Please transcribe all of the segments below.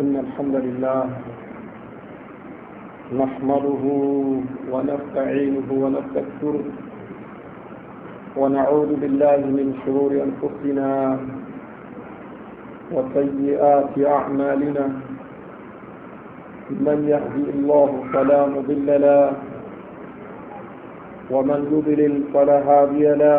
إن الحمد لله نحمده ونستعينه ونستكثره ونعوذ بالله من شرور أنفسنا وسيئات أعمالنا من يهدي الله فلا مضل له ومن يضلل فلا هادي له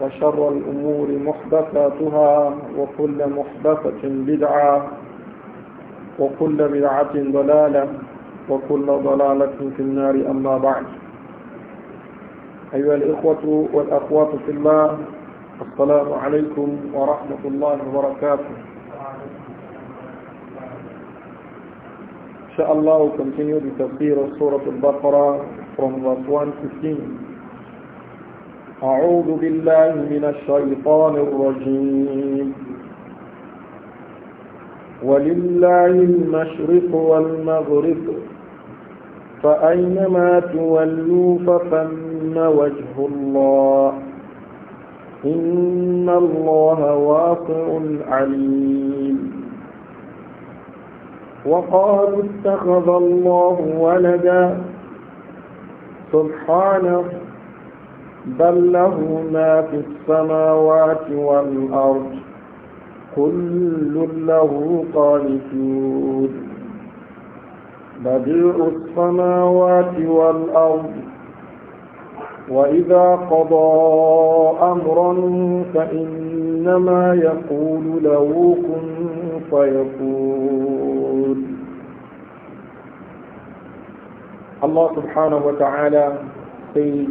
وشر الأمور محدثاتها وكل محدثة بدعة وكل بدعة ضلالة وكل ضلالة في النار أما بعد أيها الإخوة والأخوات في الله السلام عليكم ورحمة الله وبركاته إن شاء الله continue the tafsir of Surah Al-Baqarah from verse 115 أعوذ بالله من الشيطان الرجيم ولله المشرق والمغرب فأينما تولوا فثم وجه الله إن الله واقع عليم وقالوا اتخذ الله ولدا سبحانه بل له ما في السماوات والأرض كل له قانتون بديع السماوات والأرض وإذا قضى أمرا فإنما يقول له كن فيكون الله سبحانه وتعالى سيد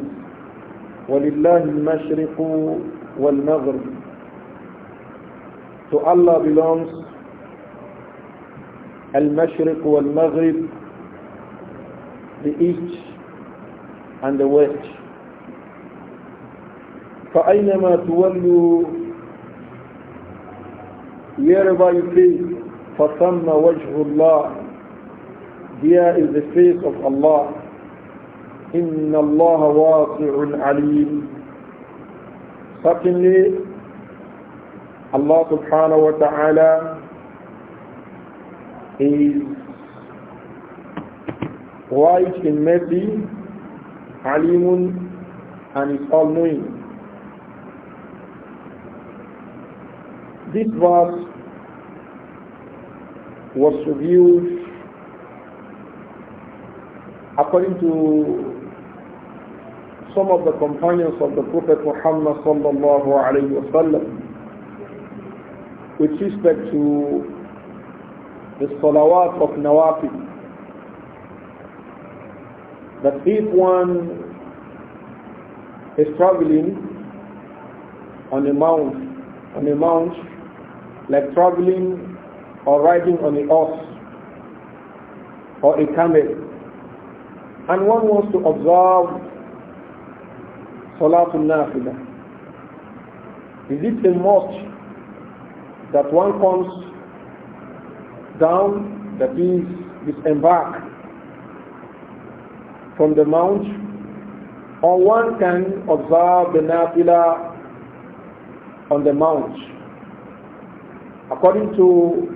ولله المشرق والمغرب To Allah belongs Al-Mashriq the east and the west فأينما تولوا wherever you face فثم وجه الله there is the face of Allah إن الله واسع عليم Certainly, Allah subhanahu wa ta'ala is wide in mercy, alimun, and is all-knowing. This verse was reviewed according to some of the companions of the Prophet Muhammad sallallahu alayhi wa sallam with respect to the salawat of Nawafi that if one is traveling on a mount on a mount like traveling or riding on a horse or a camel and one wants to observe Salatul Nafila? Is it a must that one comes down, that is, disembark from the mount, or one can observe the Nafila on the mount? According to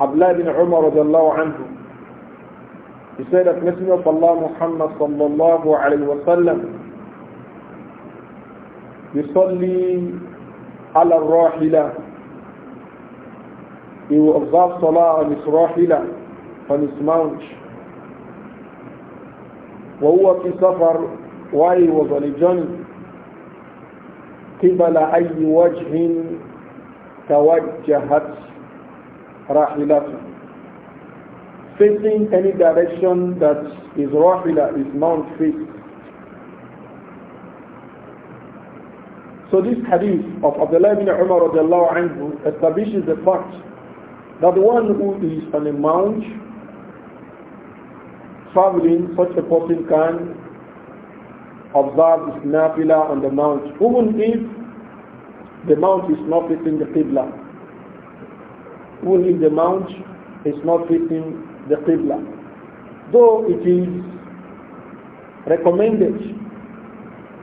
Abdullah bin Umar radiallahu anhu, he said that Messenger of Allah Muhammad sallallahu alayhi wa sallam يصلي على الراحلة He صلاة observe Salah on راحلة on his وهو في سفر واي وظل was on قبل أي وجه توجهت راحلته facing any direction that is his rahila, his mount faced So this hadith of Abdullah ibn Umar anhu establishes the fact that the one who is on a mount traveling, such a person can observe his nafila on the mount, even if the mount is not facing the Qibla. Even if the mount is not facing the Qibla. Though it is recommended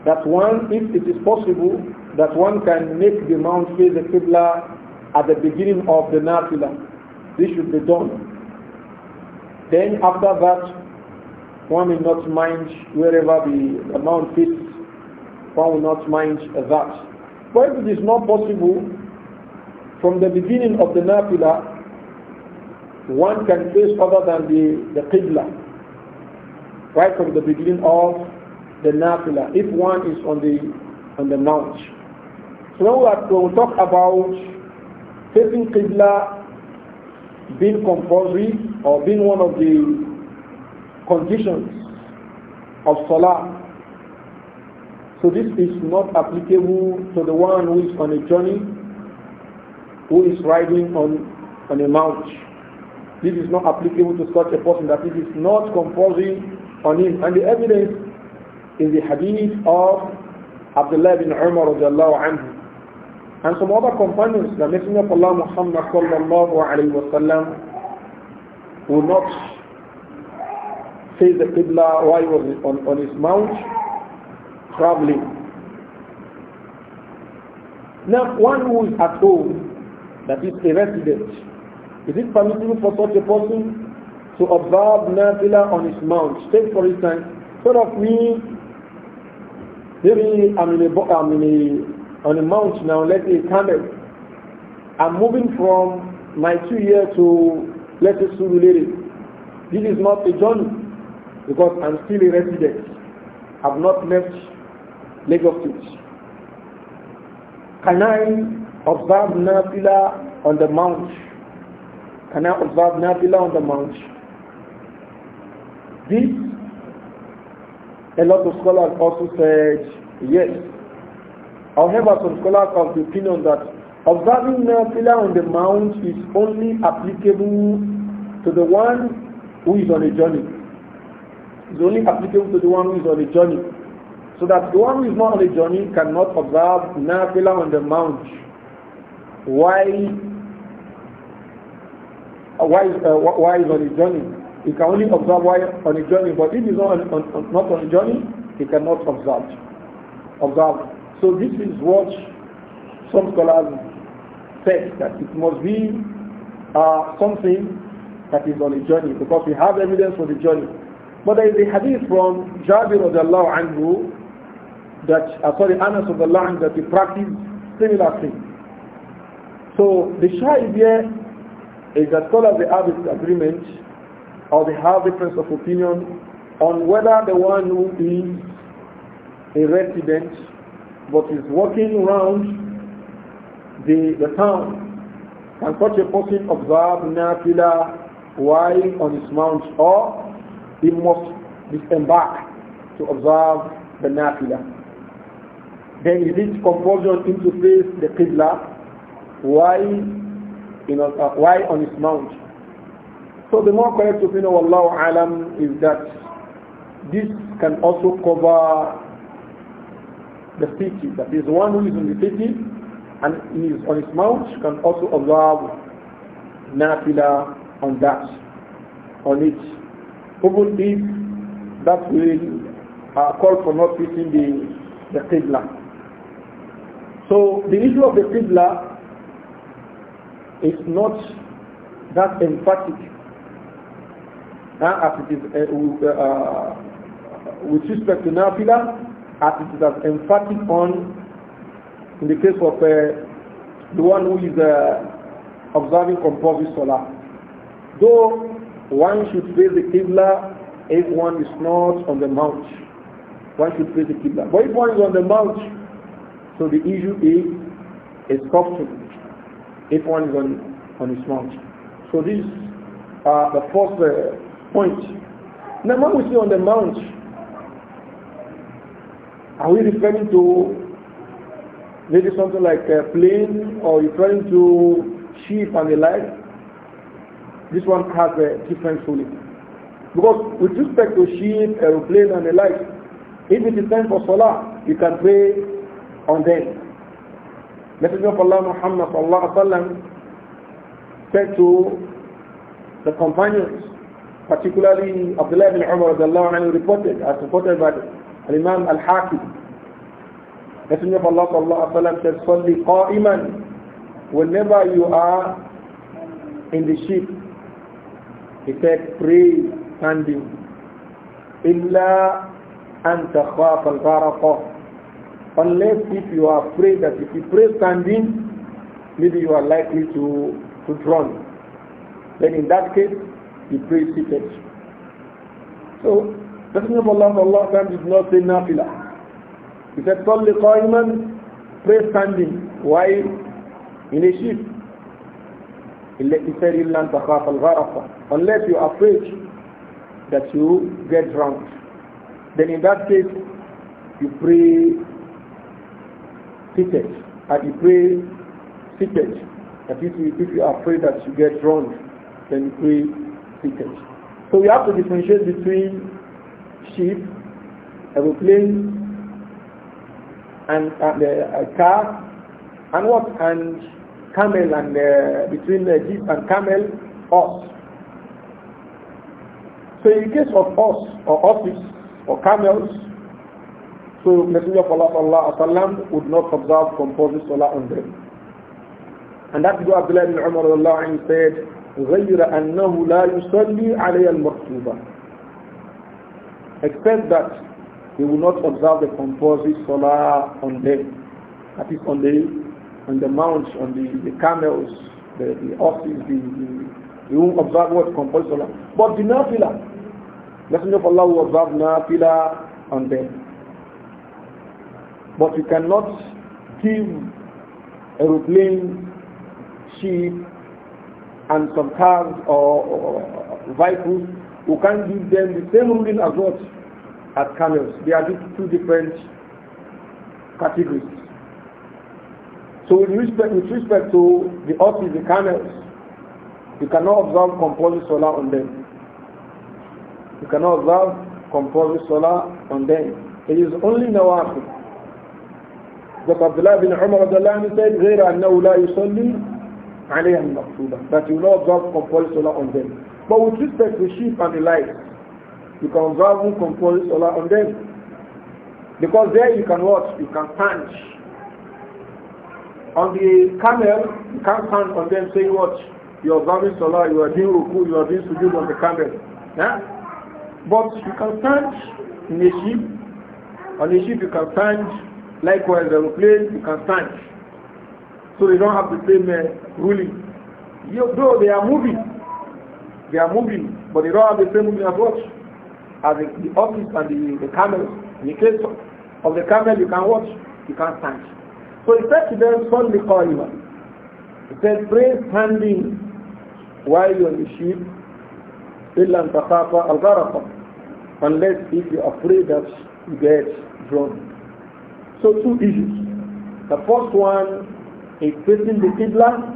that one, if it is possible, that one can make the mount face the Qibla at the beginning of the Nafila. This should be done. Then after that, one will not mind wherever the, the mount fits, one will not mind that. But if it is not possible, from the beginning of the Nafila, one can face other than the, the Qibla, right from the beginning of the Nafila, if one is on the on the mount. So we, are, going to talk about facing Qibla being compulsory or being one of the conditions of Salah, so this is not applicable to the one who is on a journey, who is riding on, on a mount. This is not applicable to such a person that it is not compulsory on him. And the evidence is the hadith of Abdullah bin Umar radiallahu anhu and some other companions, the Messenger of Allah Muhammad sallallahu alayhi wa sallam, would not face the Qibla while he was on, on his mount traveling. Now, one who is at home, that is a resident, is it permissible for such a person to observe Nafila on his mount? Take for instance, instead of me, maybe I'm in a, I'm in a on a mount now, let's say camel. I'm moving from my two year to let's say Surulere. This is not a journey because I'm still a resident. I've not left Lagos State. Can I observe Nafila on the mount? Can I observe Nafila on the mount? This, a lot of scholars also said yes. However, some scholars have the opinion that observing Nafila on the mount is only applicable to the one who is on a journey. It's only applicable to the one who is on a journey. So that the one who is not on a journey cannot observe Nafila on the mount. Why uh, why is, uh, why is on a journey. He can only observe why on a journey, but if he's not on, on, on, not on a journey, he cannot observe. Observe. So this is what some scholars said that it must be uh, something that is on a journey because we have evidence for the journey. But there is a hadith from Jabir radiallahu anhu that, uh, sorry, Anas of Allah that he practiced similar thing. So the shahid here is that scholars they have agreement or they have difference of opinion on whether the one who is a resident but is walking around the, the town. Can such a person observe Nafila while on his mount or he must disembark to observe the Nafila? Then is it compulsion into to face the Qibla while, you know, uh, while on his mount? So the more correct opinion of Allah Alam is that this can also cover the city, that is one who is in the city and he is on his mount can also observe nafila on that, on it. Even if that will uh, call for not facing the, the Qibla. So the issue of the Qibla is not that emphatic uh, as it is uh, with uh, uh, respect to nafila as it is as emphatic on in the case of uh, the one who is uh, observing composite solar. Though one should face the Qibla if one is not on the mount. One should face the Qibla. But if one is on the mount, so the issue is a sculpture if one is on, on his mount. So this is uh, the first uh, point. Now when we see on the mount, are we referring to maybe something like a plane or referring to ship and the like? This one has a different ruling. Because with respect to a aeroplane and the like, if it is time for salah, you can pray on them. Messenger of Allah Muhammad sallallahu alaihi said to the companions, particularly Abdullah ibn Umar Allah anhu reported, as reported by الإمام Al-Hakim. Messenger of Allah sallallahu alayhi wa said, Whenever you are in the ship, he said, pray standing. إِلَّا أَنْ تَخَافَ al Unless if you are afraid that if you pray standing, maybe you are likely to, to drown. Then in that case, you pray seated. So Messenger of Allah Allah did not say nafila. He said, Salli qayman, pray standing, while in a sheep. He said, Illan takhaf al Unless you are afraid that you get drunk. Then in that case, you pray seated, and uh, you pray seated. That if you, if you are afraid that you get drunk, then you pray seated. So we have to differentiate between a aeroplane, and uh, the uh, car, and what? And camel, and uh, between the jeep and camel, horse. So in case of horse, or horses, or camels, so Messenger of Allah sallallahu alaihi wasallam would not observe compulsory salah on them. And that's why Abdullah ibn Umar said, غير أنه لا يصلي علي المكتوبة except that they will not observe the compulsory solar on them. That is on the on the mounts, on the, the camels, the, the oxen, the, the, they won't observe what compulsory But the nafila, Messenger of Allah will observe nafila on them. But you cannot give aeroplane, sheep, and some cars or, or, or vehicles, you can't give them the same ruling as what at canals, They are two different categories. So with respect, with respect to the horses, the canals, you cannot observe compulsory solar on them. You cannot observe compulsory solar on them. It is only nawafil. But Abdullah bin Umar said, غير أنه لا يصلي عليها المقصودة. That you will not observe compulsory solar on them. But with respect to sheep and the like, you can observe and compose Salah on them. Because there you can watch, you can stand. On the camel, you can't stand on them saying what? You are observing Salah, you are doing Ruku, you are doing Sujud on the camel. Yeah? But you can stand in a ship. On a ship you can stand. Likewise, aeroplane, you can stand. So they don't have the same uh, ruling. You, though they are moving, they are moving, but they don't have the same ruling as watch as the, the office and the, the camel. In the case of the camel, you can watch, you can stand. So he said to them, son the Qa'ima. He said, pray standing while you are the sheep, إِلَّا أَنْ Unless if you are afraid that you get drowned. So two issues. The first one is facing the Qibla.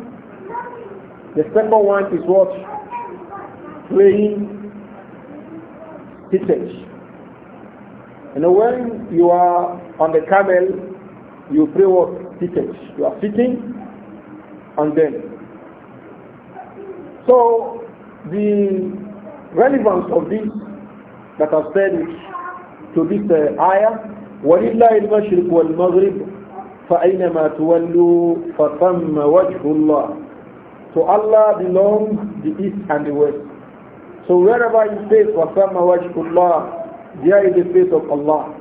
The second one is what? Praying seated. You know, when you are on the camel, you pray with Seated. You are sitting on them. So, the relevance of this that I've said to this uh, ayah, وَلِلَّهِ الْمَشْرِقُ وَالْمَغْرِبُ فَأَيْنَمَا تُوَلُّوا فَثَمَّ وَجْهُ اللَّهِ To Allah belong the east and the west. So wherever he says, وَثَمَّ وَجْهُ اللَّهِ There is the face of Allah.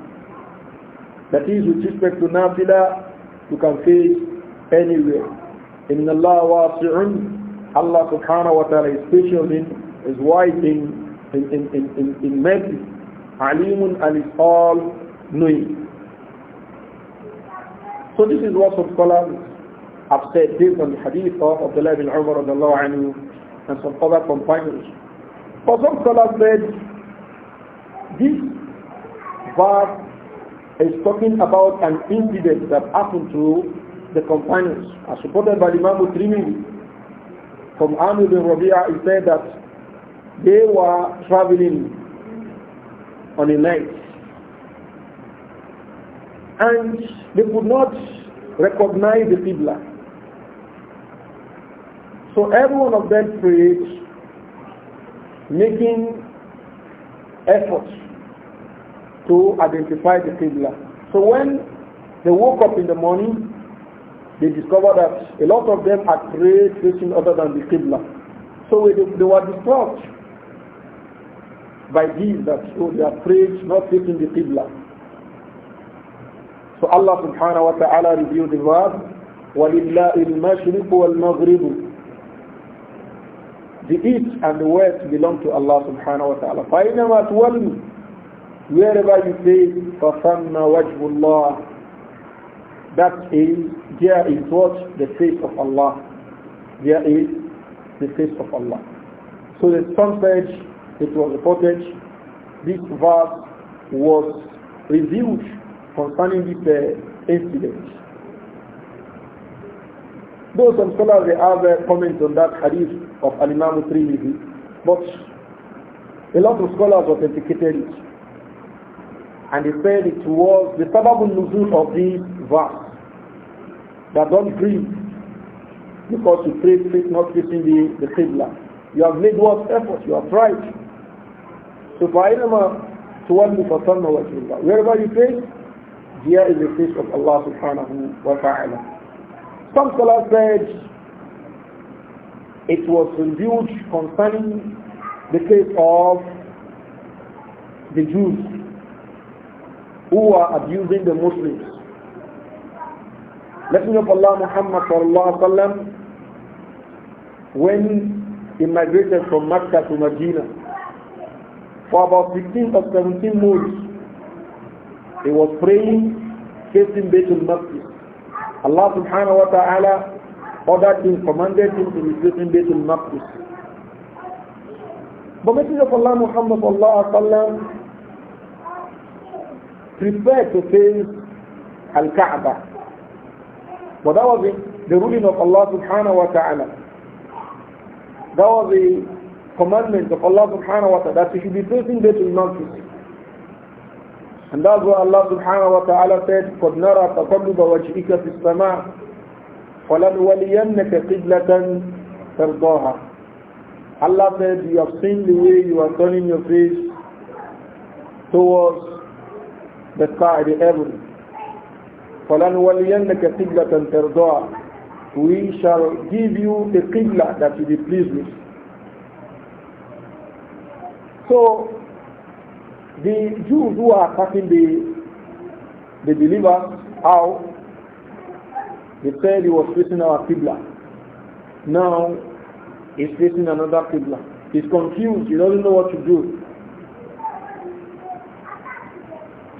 That is with respect to nafila, you can face anywhere. إِنَّ اللَّهَ وَاسِعٌ Allah subhanahu wa ta'ala is patient in, is wise in, in, in, in, in mercy. Alimun and is all knowing. So this is what some scholars have said based on the hadith of Abdullah ibn Umar and some other companions. But some scholars said this verse is talking about an incident that happened to the companions, as by Imam Trimini. From Amr bin Rabi'a, he said that they were traveling on a night and they could not recognize the Qibla. So every one of them prayed making efforts to identify the Qibla. So when they woke up in the morning, they discovered that a lot of them had prayed facing other than the Qibla. So they, were disturbed by this that so oh, they are prayed not facing the Qibla. So Allah subhanahu wa ta'ala revealed the verse, وَلِلَّهِ الْمَشْرِقُ وَالْمَغْرِبُ the east and the west belong to Allah subhanahu wa ta'ala. فَإِنَمَا تُوَلُّ Wherever you say فَثَمَّ وَجْهُ اللَّهِ That is, there is what? The face of Allah. There is the face of Allah. So the passage, it was reported, this verse was revealed concerning this uh, incident. Though some scholars they have uh, comments on that hadith, of Al-Imam but a lot of scholars authenticated it. And they said it was the sababun nuzul of this verse that don't grieve because you pray faith not facing the, the Qibla. You have made what effort, you have tried. So فَأَيْنَمَا تُوَلِّ فَصَلْنَ وَجْهِ اللَّهِ Wherever you pray, there is the face of Allah subhanahu wa ta'ala. Some scholars said it was reviewed concerning the case of the Jews who are abusing the Muslims. me of Allah Muhammad sallallahu alaihi wasallam, when he migrated from Mecca to Medina, for about 15 or 17 months, he was praying facing Baitul Maqdis. Allah subhanahu wa ta'ala ordered him, commanded him to be in Baitul Maqdis. But Messenger of Allah Muhammad sallam, prepared to face Al-Kaaba. But that was the, ruling of Allah subhanahu wa ta'ala. That was the commandment of Allah subhanahu wa ta'ala that we should be facing Baitul Maqdis. And that's why Allah subhanahu wa ta'ala said, قَدْ نَرَى تَقَلُّبَ وَجْهِكَ فِي السَّمَاءِ قِبْلَةً تَرْضَاهَا Allah said, you have seen the way you are turning your face towards the sky, the heaven. فَلَنُوَلِيَنَّكَ قِبْلَةً تَرْضَاهَا We shall give you a qibla that you be pleased with. So, the Jews who are attacking the, the believers, how? He said he was facing our Qibla. Now he's facing another Qibla. He's confused. He doesn't know what to do.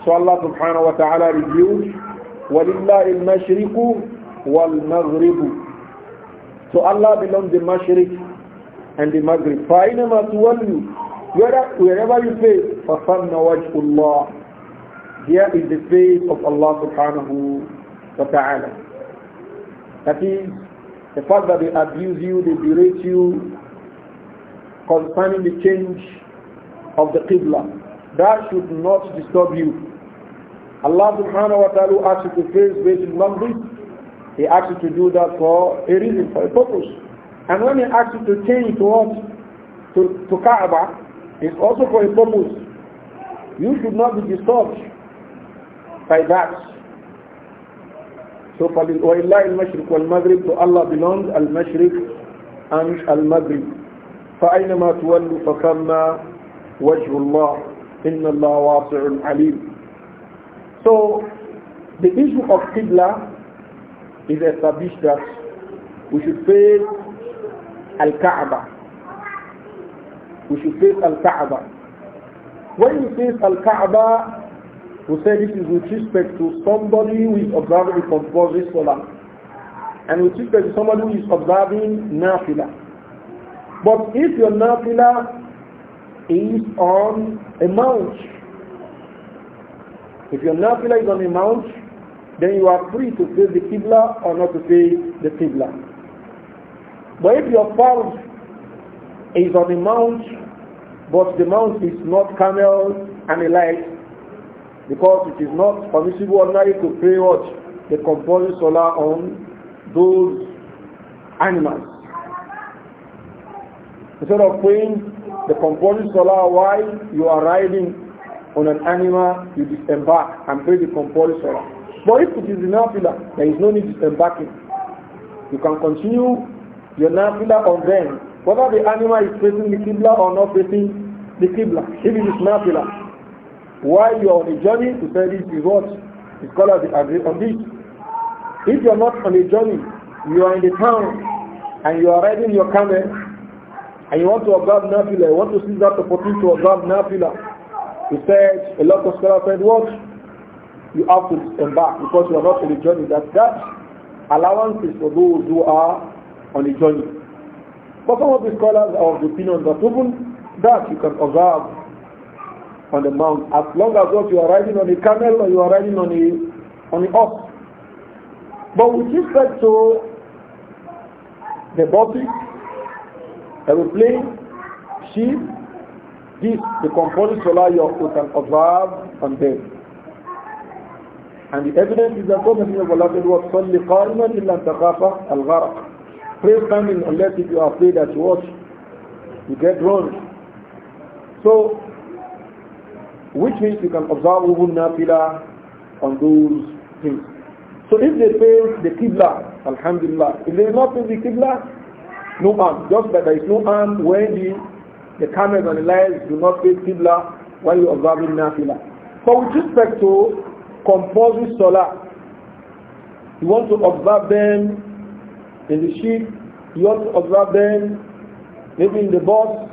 So Allah subhanahu wa ta'ala revealed, وَلِلَّهِ الْمَشْرِقُ وَالْمَغْرِبُ So Allah belongs the Mashriq and the Maghrib. فَأَيْنَمَا تُوَلُّوا Wherever you face, فَصَنَّ وَجْهُ اللَّهِ Here is the face of Allah subhanahu wa ta'ala. That is, the fact that they abuse you, they berate you concerning the change of the Qibla. That should not disturb you. Allah subhanahu wa ta'ala asks you to face basic numbers. He asks you to do that for a reason, for a purpose. And when he asks you to change towards to, to Kaaba, it's also for a purpose. You should not be disturbed by that. So الْمَشْرِقُ وَالْمَغْرِبُ To الله belongs al-mashriq and فَأَيْنَمَا تولوا فَثَمَّ وَجْهُ اللَّهِ إِنَّ اللَّهَ وَاسِعٌ عَلِيمٌ So the issue of Qibla is established that we should face Al-Kaaba. We should face Al-Kaaba. When you face Al-Kaaba, We say this is with respect to somebody who is observing the compulsory salah. And with respect to somebody who is observing nafila. But if your nafila is on a mount, if your nafila is on a mount, then you are free to face the Qibla or not to face the Qibla. But if your farz is on a mount, but the mount is not camel and the like, because it is not permissible ordinary to pay what? The compulsory solar on those animals. Instead of paying the compulsory solar while you are riding on an animal, you disembark and pay the compulsory solar. But if it is the nafila, there is no need to disembarking. You can continue your nafila on them, whether the animal is facing the kibla or not facing the kibla. If it is nafila, while you are on a journey to say this is what the scholars agree on this. If you are not on a journey, you are in the town and you are riding your camel and you want to observe Nafila, you want to see that opportunity to observe Nafila, he said, a lot of scholars said, what? You have to embark because you are not on a journey. That, that allowance is for those who are on a journey. But some of the scholars are of the opinion that even that you can observe on the mount. As long as what you are riding on a camel or you are riding on a on an ox. But with respect to the every aeroplane, sheep, this, the compulsory solar you can observe on them. And the evidence is that God has said, وَصَلِّ قَائِمًا إِلَّا تَخَافَ الْغَرَقِ Pray standing unless if you are afraid that you watch, you get wrong. So which means you can observe even nafila on those things. So if they face the Qibla, Alhamdulillah. If they do not face the Qibla, no harm. Just that there is no harm when the, the camels and the lions do not face Qibla while you observing nafila. So with respect to composing solar, you want to observe them in the sheep, you want to observe them maybe in the bus.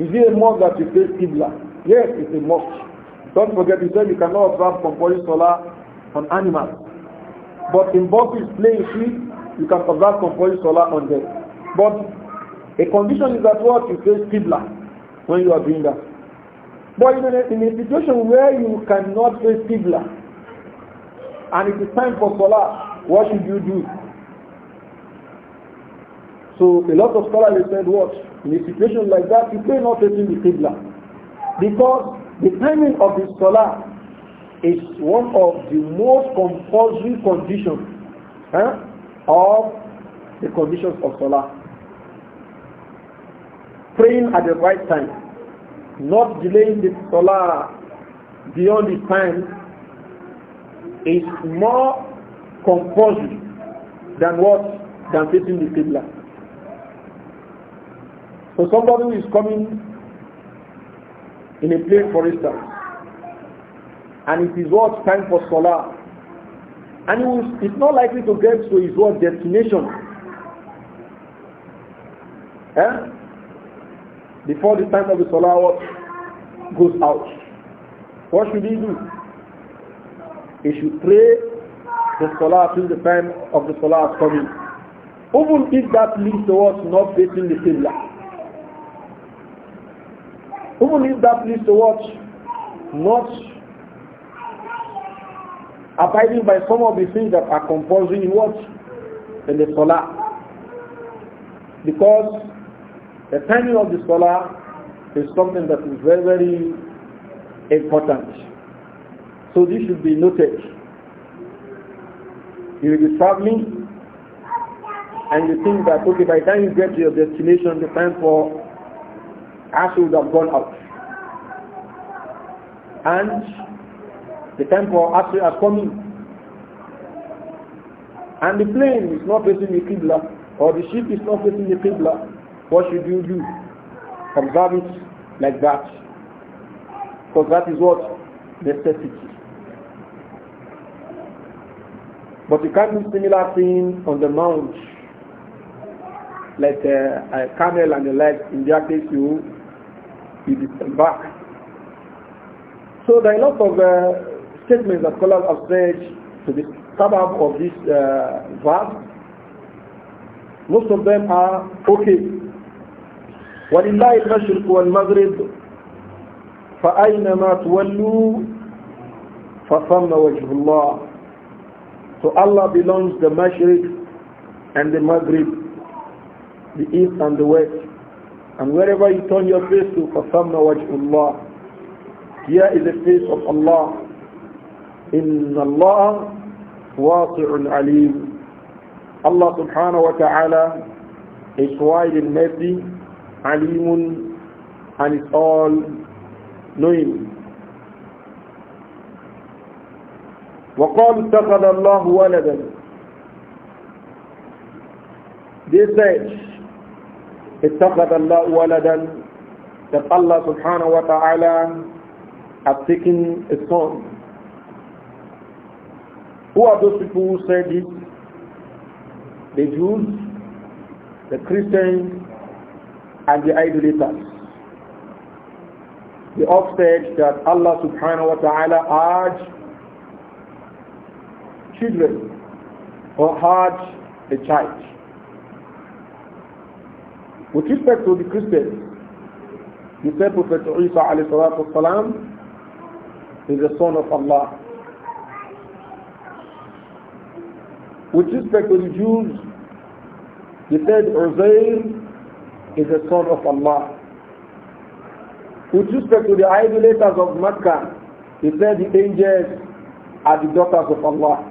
Is it a mosque that you face Qibla? Yes, it's a must. Don't forget, he said you cannot observe compulsory solar on animals. But in is playing sheep, you can observe compulsory solar on them. But a condition is that what you face Qibla when you are doing that. But in a, in a situation where you cannot face Qibla and it is time for solar, what should you do? So a lot of scholars said what? In a situation like that, you pray not facing the Qibla. Because the timing of the solar is one of the most compulsory conditions of the conditions of solar. Praying at the right time, not delaying the solar beyond the time is more compulsory than what than facing the qibla. So somebody who is coming in a plane for instance and it is what time for solar and it's not likely to get to his what destination eh? before the time of the solar watch goes out what should he do he should pray the solar till the time of the solar coming even if that leads towards not facing the Qibla will leave that place to watch, Not abiding by some of the things that are composing what? In the solar. Because the timing of the solar is something that is very, very important. So this should be noted. You will be traveling and you think that, okay, by the time you get to your destination, the time for Ash would have gone out. And the time for Asr has come in. And the plane is not facing the Qibla, or the ship is not facing the Qibla. What should you do? Observe it like that. Because that is what? Necessity. But you can't do similar thing on the mount like uh, a camel and the like, in their case you with back. So there are a lot of uh, statements that out of stage to the suburb of this uh, verse. Most of them are okay. ولله المشرق والمغرب فأينما تولوا فثم وجه الله So Allah belongs the Mashriq and the Maghrib, the East and the West. And wherever you turn your face to, فَثَمَّ وَجْهُ اللَّهِ Here is the face of Allah. إِنَّ اللَّهَ وَاسِعٌ عَلِيمٌ Allah subhanahu wa ta'ala is wide in mercy, alimun, and is all knowing. وقالوا اتخذ الله ولدا They said, اتخذ الله ولدا that Allah subhanahu wa ta'ala taken a son. Who are those people who said this? The Jews, the Christians, and the idolaters. They all said that Allah subhanahu wa ta'ala had children or had a child. With respect to the Christians, he said Prophet Isa والسلام, is the son of Allah. With respect to the Jews, he said Uzair is the son of Allah. With respect to the idolaters of Mecca, he said the angels are the daughters of Allah.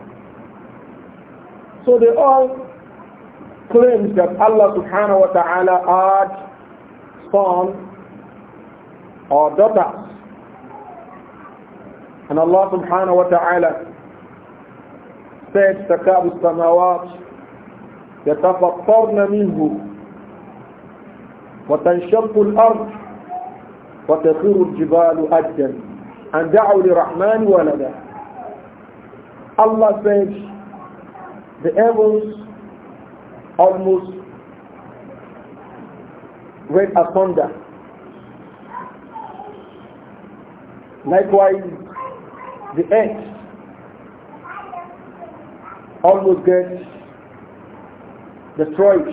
So they all claims that Allah subhanahu wa ta'ala had son or daughters. And Allah subhanahu wa ta'ala said, تَكَابُ السَّمَوَاتِ يَتَفَطَّرْنَ مِنْهُ وتنشق الأرض وتخير الجبال أجدا أن دعوا لرحمن ولدا Allah says the heavens almost read thunder. Likewise, the earth almost gets destroyed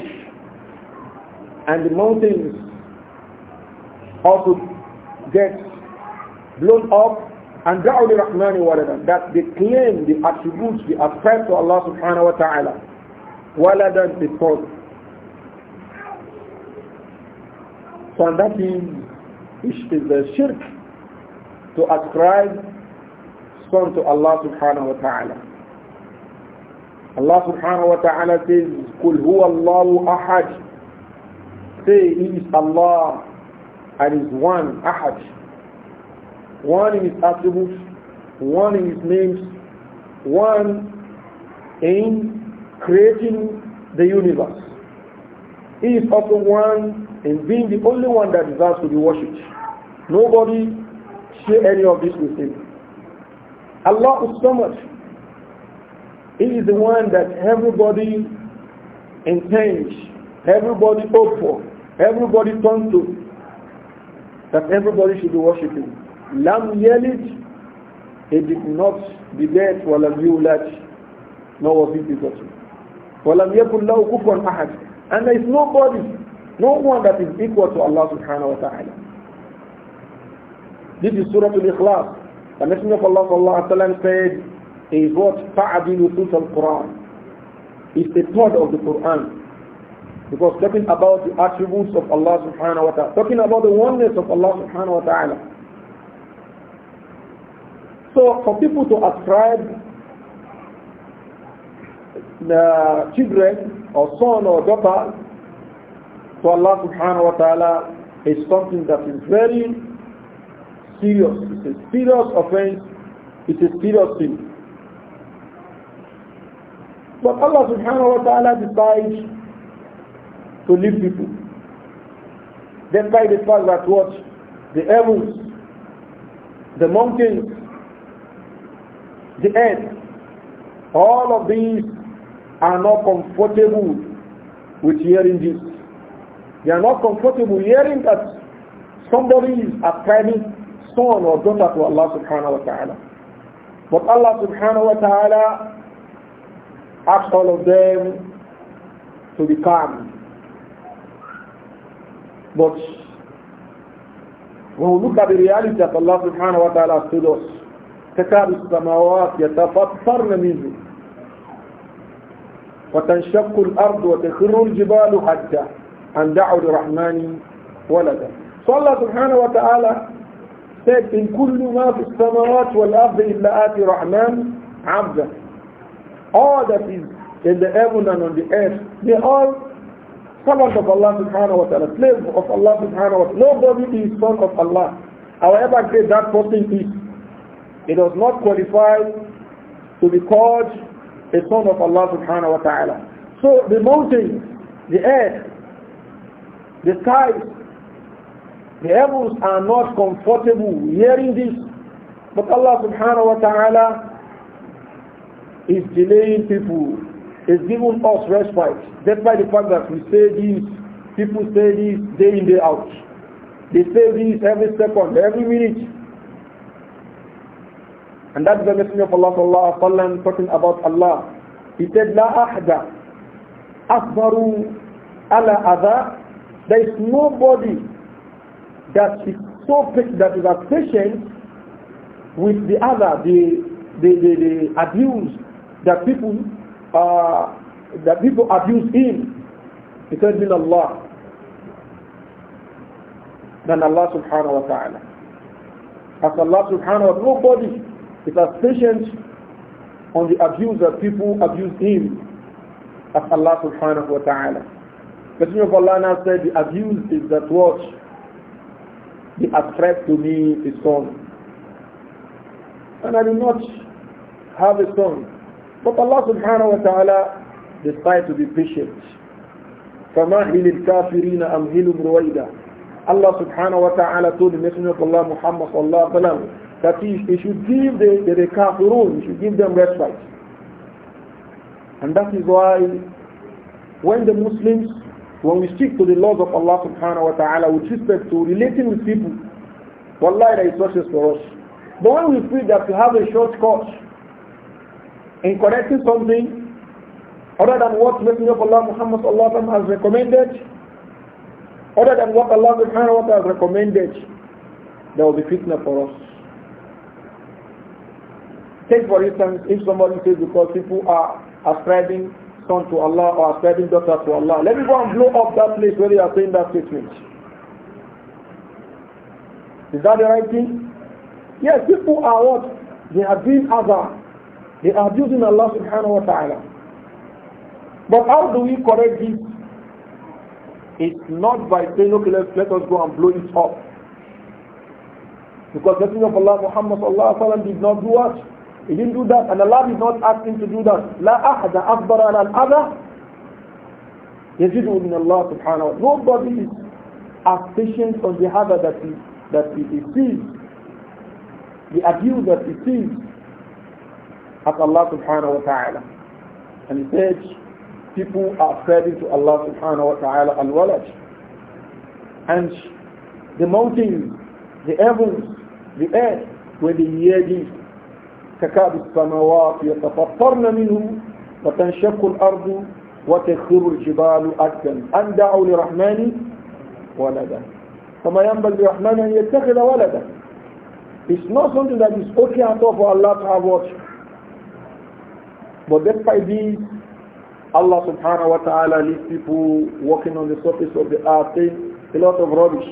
and the mountains also get blown up and da'u li that they claim the attributes the ascribe to Allah subhanahu wa ta'ala waladan the third. So and that is, the shirk to ascribe son to Allah subhanahu wa ta'ala. Allah subhanahu wa ta'ala says, قُلْ هُوَ اللَّهُ أَحَدٌ Say, He is Allah and is one, Ahad. One in His attributes, one in His names, one in creating the universe. He is also one and being the only one that deserves to be worshipped. Nobody share any of this with him. Allah is so much. He is the one that everybody intends, everybody hope for, everybody turn to, that everybody should be worshipping. Lam Yelid, he did not beget, walam yulad, nor was he begotten. وَلَمْ يَكُنْ لَهُ كُفْوًا أَحَدٌ And there is nobody, no one that is equal to Allah subhanahu wa ta'ala. This is Surah Al-Ikhlas. The Messenger of Allah sallallahu alayhi wa said, is what فَعَدِلُ ثُلْثَ quran is the third of the Quran. Because talking about the attributes of Allah subhanahu wa ta'ala, talking about the oneness of Allah subhanahu wa ta'ala. So for people to ascribe the children or son or daughter to Allah subhanahu wa ta'ala is something that is very serious. It's a serious offense. It's a serious sin. But Allah subhanahu wa ta'ala decides to leave people. Despite the fact that what? The heavens, the mountains, the earth, all of these are not comfortable with hearing this. They are not comfortable hearing that somebody is ascribing son or daughter to Allah subhanahu wa ta'ala. But Allah subhanahu wa ta'ala asks all of them to be calm. But when we look at the reality that Allah subhanahu wa ta'ala has told us, تكاد السماوات يتفطرن منه وتنشق الأرض وتخر الجبال حتى أن دعوا للرحمن ولدا فالله سبحانه وتعالى said in kullu ma fi samawat wal ardi illa ati rahman all that is in the heaven and on the earth they all servants of Allah subhanahu wa ta'ala slaves of Allah subhanahu wa ta'ala nobody is son of Allah however great that person is it does not qualify to be called a son of Allah subhanahu wa ta'ala. So the mountains, the earth, the skies, the heavens are not comfortable hearing this. But Allah subhanahu wa ta'ala is delaying people, is giving us respite. That's why the fact that we say this, people say this day in, day out. They say this every second, every minute. And that's the Messenger of Allah sallallahu alayhi wa talking about Allah. He said, La أحد akbaru على adha. There is nobody that is so that is as patient with the other, the, the, the, the abuse that people, uh, that people abuse him. It has been Allah. Than Allah subhanahu wa ta'ala. As Allah subhanahu wa ta'ala, nobody because patient, on the abuse that people abuse him as Allah subhanahu wa ta'ala. Messenger of Allah now said, the abuse is that what they ascribe to me is son. And I do not have a son. But Allah subhanahu wa ta'ala decides to be patient. فمهل الكافرين أمهلهم رويدا Allah subhanahu wa ta'ala told the Messenger of Allah Muhammad sallallahu alayhi wa sallam that is, they should give the, the, the kafirun, should give them respite. And that is why when the Muslims, when we stick to the laws of Allah subhanahu wa ta'ala with respect to relating with people, wallahi there is success for us. But when we feel that we have a short course in correcting something other than what Messenger of Allah Muhammad sallallahu has recommended, other than what Allah subhanahu wa ta'ala has recommended, there will be fitna for us. Take for instance, if somebody says because people are ascribing son to Allah or ascribing daughter to Allah, let me go and blow up that place where they are saying that statement. Is that the right thing? Yes, people are what? They are doing other. They are abusing Allah subhanahu wa ta'ala. But how do we correct this? It's not by saying, okay, let, let us go and blow it up. Because the thing of Allah Muhammad sallallahu alayhi did not do what? He didn't do that, and Allah did not ask him to do that. لا أحد أكبر على الأذى يجده من الله سبحانه وتعالى. Nobody is as patient on the other that he, that he, he sees, the abuse that he sees at Allah subhanahu wa ta'ala. And he said, people are spreading to Allah subhanahu wa ta'ala al-walaj. And the mountains, the heavens, the earth, when they hear this, تكاد السماوات يتفطرن منه وتنشق الأرض وتخر الجبال أكدا أن دعوا لرحمن ولدا فما ينبغي للرحمن أن يتخذ ولدا It's not something that is okay at all for Allah to have watched. But despite this, Allah subhanahu wa ta'ala leaves people walking on the surface of the earth saying a lot of rubbish.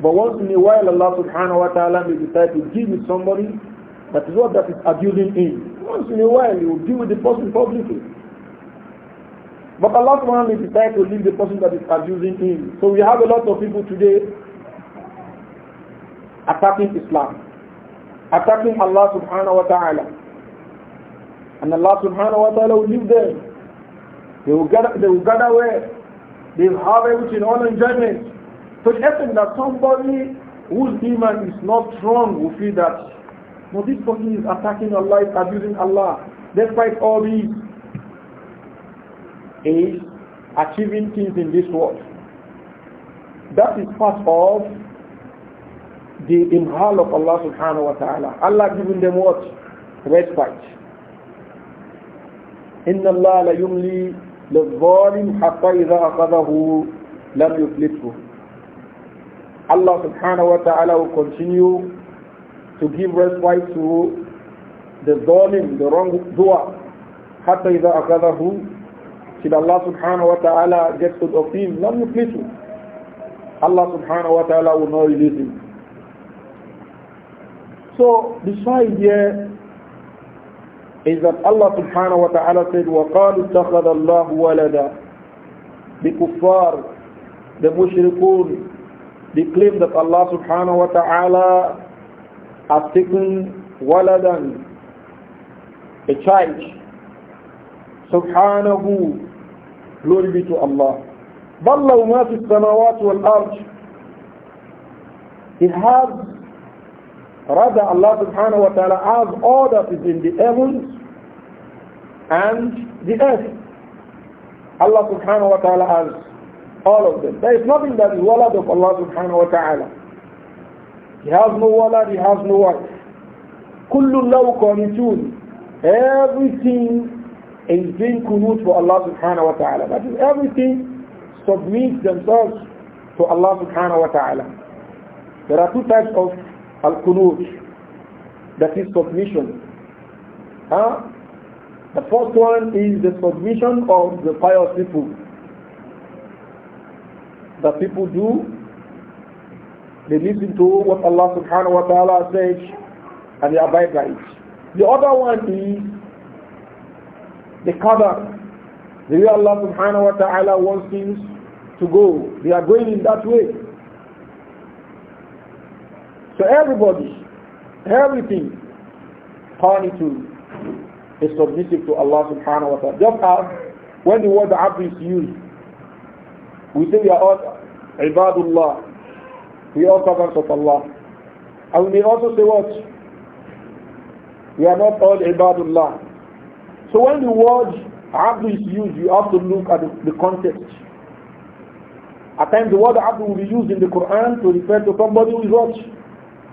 But once in a while Allah subhanahu wa ta'ala may decide to deal with somebody that is what that is abusing him. Once in a while he will deal with the person publicly. But Allah subhanahu wa ta'ala may decide to leave the person that is abusing him. So we have a lot of people today attacking Islam, attacking Allah subhanahu wa ta'ala. And Allah subhanahu wa ta'ala will leave them. They will gather, they will gather where they will have everything, all enjoyment. So it essence that somebody whose demon is not strong will feel that, no, this person is attacking Allah, is abusing Allah, despite all these, is achieving things in this world. That is part of the imhal of Allah subhanahu wa ta'ala. Allah giving them what? Respite. إن الله لا يملي للظالم حتى إذا أخذه لم يفلته Allah subhanahu wa ta'ala will continue to give respite to the zalim, the wrong wrongdoer, حتى إذا أخذه till Allah subhanahu wa ta'ala gets hold of him, لم يفلته. Allah subhanahu wa ta'ala will not release him. So the side here is that Allah subhanahu wa ta'ala said, وَقَالُوا اتَّخَذَ اللَّهُ وَلَدًا The kuffar, the mushrikun, they claim that Allah subhanahu wa ta'ala has taken waladan, a child. Subhanahu, glory be to Allah. بل لو ما في السماوات والأرض He has, rather Allah subhanahu wa ta'ala has all that is in the heavens and the earth. Allah subhanahu wa ta'ala has all of them. There is nothing that is walad of Allah subhanahu wa ta'ala. He has no walad, he has no wife. Kullu lahu qanitun. Everything is being kunut for Allah subhanahu wa ta'ala. That is everything submits themselves to Allah subhanahu wa ta'ala. There are two types of al-kunut. That is submission. Huh? The first one is the submission of the pious people that people do. They listen to what Allah subhanahu wa ta'ala says and they abide by it. The other one is the qadar, the way Allah subhanahu wa ta'ala wants things to go. They are going in that way. So everybody, everything, to is submissive to Allah subhanahu wa ta'ala. Just as when the word abd is used, we say we are all ibadullah. We are all servants of Allah. And we also say what? We are not all ibadullah. So when the word abdu is used, you have to look at the, the context. At times the word abdu will be used in the Quran to refer to somebody who is what?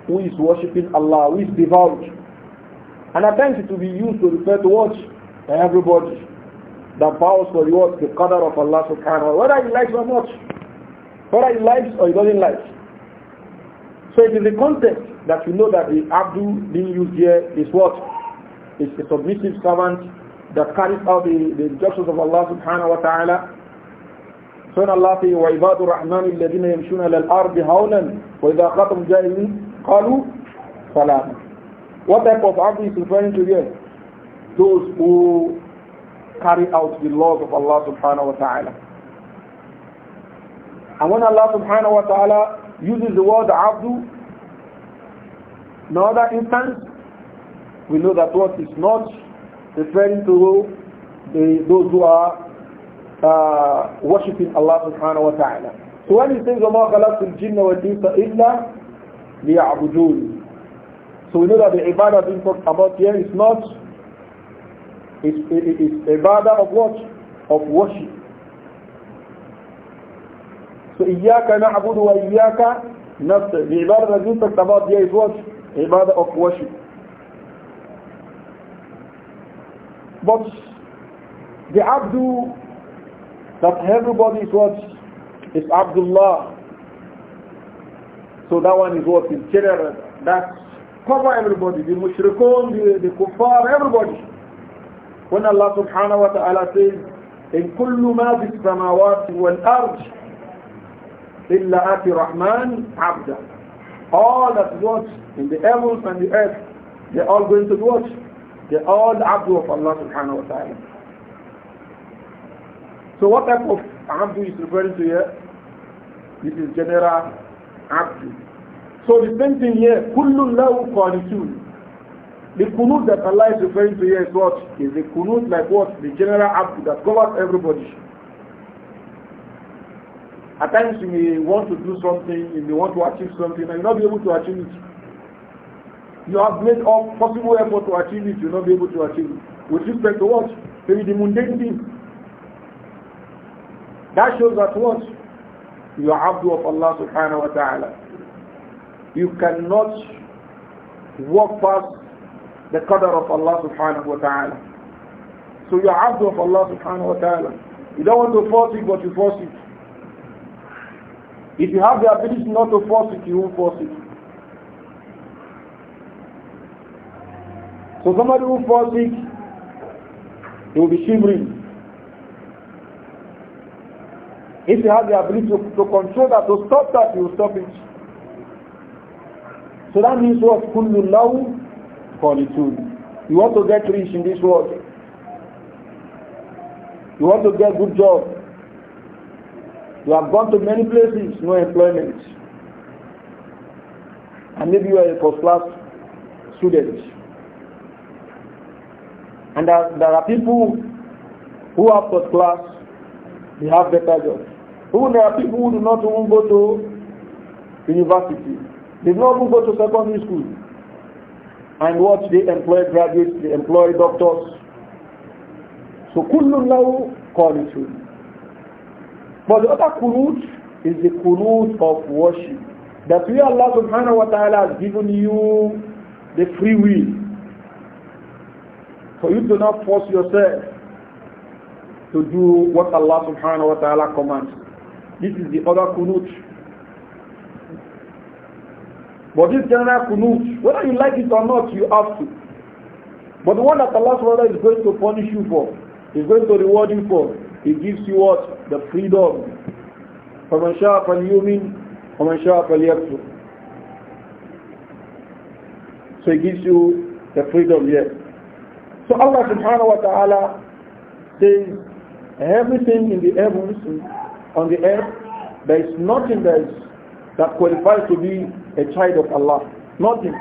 Who is worshipping Allah, who is devout. And at times it will be used to refer to what? Everybody that vows for reward the qadr of Allah subhanahu wa ta'ala, whether he likes or not, whether he likes or he doesn't like. So it is the context that we know that the Abdul being used here is what? It's a submissive servant that carries out the, the injunctions of Allah subhanahu wa ta'ala. in الله في وعباد الرحمن الذين يمشون على الأرض هونا وإذا خاطبهم جاهلين قالوا سلاما What type of abdu is referring to here? Those who carry out the laws of Allah subhanahu wa ta'ala. And when Allah subhanahu wa ta'ala uses the word abdu, in other instance, we know that what is not referring to the, those who are uh, worshipping Allah subhanahu wa ta'ala. So when he says, وَمَا خَلَقْتُ الْجِنَّ وَالْإِنسَ إِلَّا لِيَعْبُدُونِ So we know that the ibadah being talked about here is not it's, a ibadah of what? Of worship. So iyyaka na'budu wa iyyaka nasta'in. The ibadah that we talked about here is what? Ibadah of worship. But the abdu that everybody is what? Is Abdullah. So that one is what? In general. That cover everybody. The mushrikun, the, the kuffar, everybody. When Allah subhanahu wa ta'ala says, إِن كُلُّ مَا فِي السَّمَاوَاتِ وَالْأَرْضِ إِلَّا ati Rahman, abda. All that watch in the heavens and the earth, they're all going to watch. They're all abdu of Allah subhanahu wa ta'ala. So what type of abdu is referring to here? This is general abdu. So the same thing here, كُلُّ لَهُ قَانِتُونَ the kunut that Allah is referring to here is what? Is the kunut like what? The general app that covers everybody. At times you may want to do something, you may want to achieve something, and you'll not be able to achieve it. You have made all possible effort to achieve it, you'll not be able to achieve it. With respect to what? Maybe the mundane thing. That shows that what? You are abdu of Allah subhanahu wa ta'ala. You cannot walk past the qadr of Allah subhanahu wa ta'ala. So you are abdu of Allah subhanahu wa ta'ala. You don't want to force it, but you force it. If you have the ability not to force it, you won't force it. So somebody who falls it, he will be shivering. If you have the ability to, to control that, to stop that, you will stop it. So that means what? كُلُّ اللَّهُ fortitude. You want to get rich in this world. You want to get good job. You have gone to many places, no employment. And maybe you are a first class student. And there, there are people who are first class, they have better jobs. Who there are people who do not even go to university. They do not even go to secondary school. And what they employ graduates, they employ doctors. So kullun lahu qanitun. But the other kunut is the kunut of worship. That we Allah subhanahu wa ta'ala has given you the free will. So you do not force yourself to do what Allah subhanahu wa ta'ala commands. This is the other kunut but this general kunut, whether you like it or not, you have to. But the one that Allah SWT is going to punish you for, is going to reward you for, He gives you what? The freedom. from فَمَنْ شَاءَ فَلْيُؤْمِنْ وَمَنْ شَاءَ فَلْيَكْفُرْ So He gives you the freedom here. So Allah subhanahu wa ta'ala says, everything in the heavens, on the earth, there is nothing that, is, that qualifies to be a child of Allah? Nothing.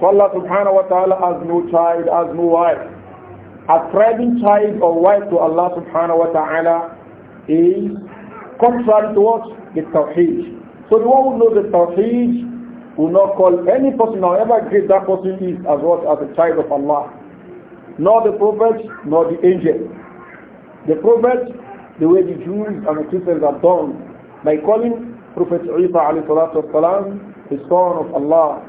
So Allah subhanahu wa ta'ala has no child, has no wife. Ascribing child or wife to Allah subhanahu wa ta'ala is contrary to what? The Tawheed. So the one who knows the Tawheed will not call any person, however great that person is, as what as a child of Allah. Nor the prophet, nor the angel. The prophet, the way the Jews and the Christians are done, by calling Prophet Isa والسلام, the son of Allah,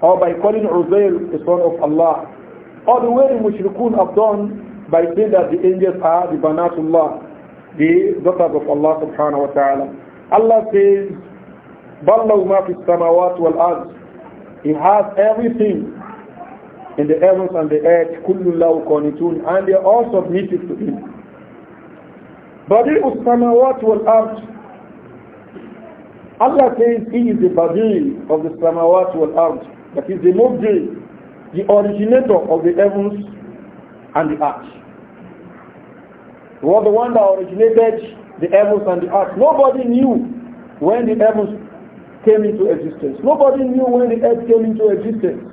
or by calling Uzair the son of Allah, or the way in which Rukun have done by saying that the angels are the Banatullah, the daughters of Allah subhanahu wa ta'ala. Allah says, بَلَّهُ مَا فِي السَّمَوَاتِ وَالْأَرْضِ He has everything in the heavens and the earth, كُلُّ اللَّهُ قَانِتُونَ And they are all submitted to Him. بَدِئُ السَّمَوَاتِ وَالْأَرْضِ Allah says He is the Badi of the Samawat wal Ard, that is the Mubdi, the originator of the heavens and the earth. He was the one that originated the heavens and the earth. Nobody knew when the heavens came into existence. Nobody knew when the earth came into existence.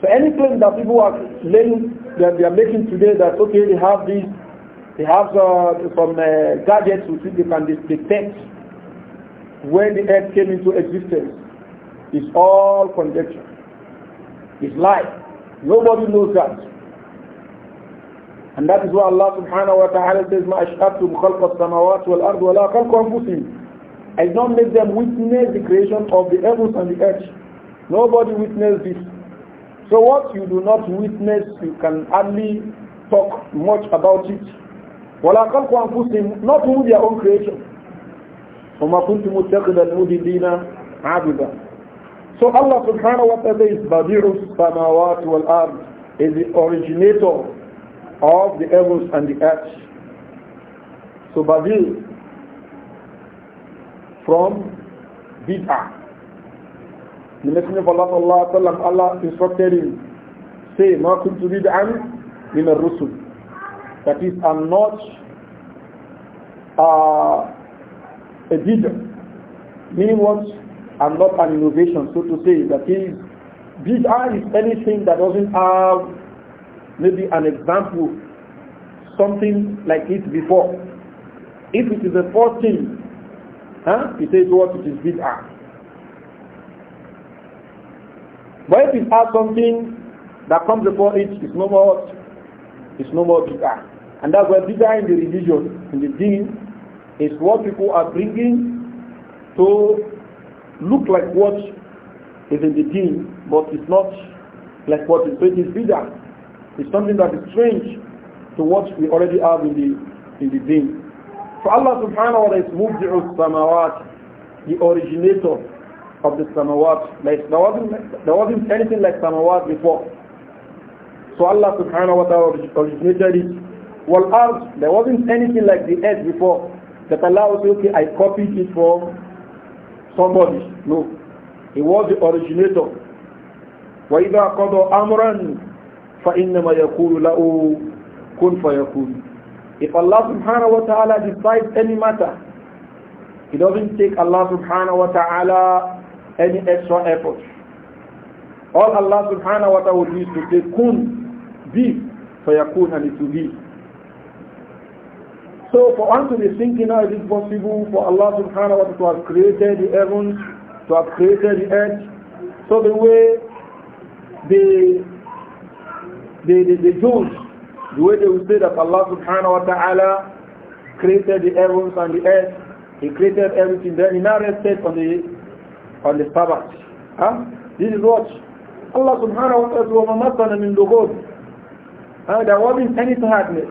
So any claim that people are laying, that they are making today that okay, they have these, they have uh, some uh, gadgets which they can detect when the earth came into existence is all conjecture. It's lie. Nobody knows that. And that is why Allah subhanahu wa ta'ala says, مَا أَشْهَدْتُمْ خَلْقَ السَّمَوَاتِ وَالْأَرْضِ وَلَا خَلْقَ أَنفُسِهِمْ I do not make them witness the creation of the heavens and the earth. Nobody witnessed this. So what you do not witness, you can hardly talk much about it. وَلَا خَلْقَ أَنفُسِهِمْ Not even their own creation. So Allah subhanahu wa ta'ala is Badi'u samawat wal ard is the originator of the heavens and the earth. So Badi from Bid'ah. The Messenger of Allah sallallahu Allah instructed him, say, مَا كُنْتُ بِدْعًا مِنَ rusul That is, I'm not uh, a vision, Meaning what? And not an innovation, so to say. That is, bid'ah is anything that doesn't have maybe an example, something like it before. If it is a first thing, huh, it says what it is bid'ah. But if it has something that comes before it, it's no more, it's no more bid'ah. And that's why bid'ah in the religion, in the deen, is what people are bringing to look like what is in the dream, but it's not like what is the bigger. It's something that is strange to what we already have in the in the deen. For Allah subhanahu wa ta'ala is the samawat, the originator of the samawat. Like, there, wasn't, there wasn't anything like samawat before. So Allah subhanahu wa ta'ala originated it. Well, earth, there wasn't anything like the earth before. That Allah will say, okay, I copied it from somebody. No. He was the originator. وَإِذَا قَضَى أَمْرًا فَإِنَّمَا يَقُولُ لَهُ كُنْ فَيَكُونُ If Allah subhanahu wa ta'ala decides any matter, he doesn't take Allah subhanahu wa ta'ala any extra effort. All Allah subhanahu wa ta'ala would do is to say, kun, be, "فَيَكُونَ and it will be. So for one to be thinking, now, is it possible for Allah subhanahu wa ta'ala to have created the heavens, to have created the earth? So the way the the, the, the Jews, the way they would say that Allah subhanahu wa ta'ala created the heavens and the earth, He created everything, then He now rested on the, on the Sabbath. Huh? This is what Allah subhanahu wa ta'ala said, وَمَا مَسَّنَا مِنْ لُغُودٍ There wasn't any sadness.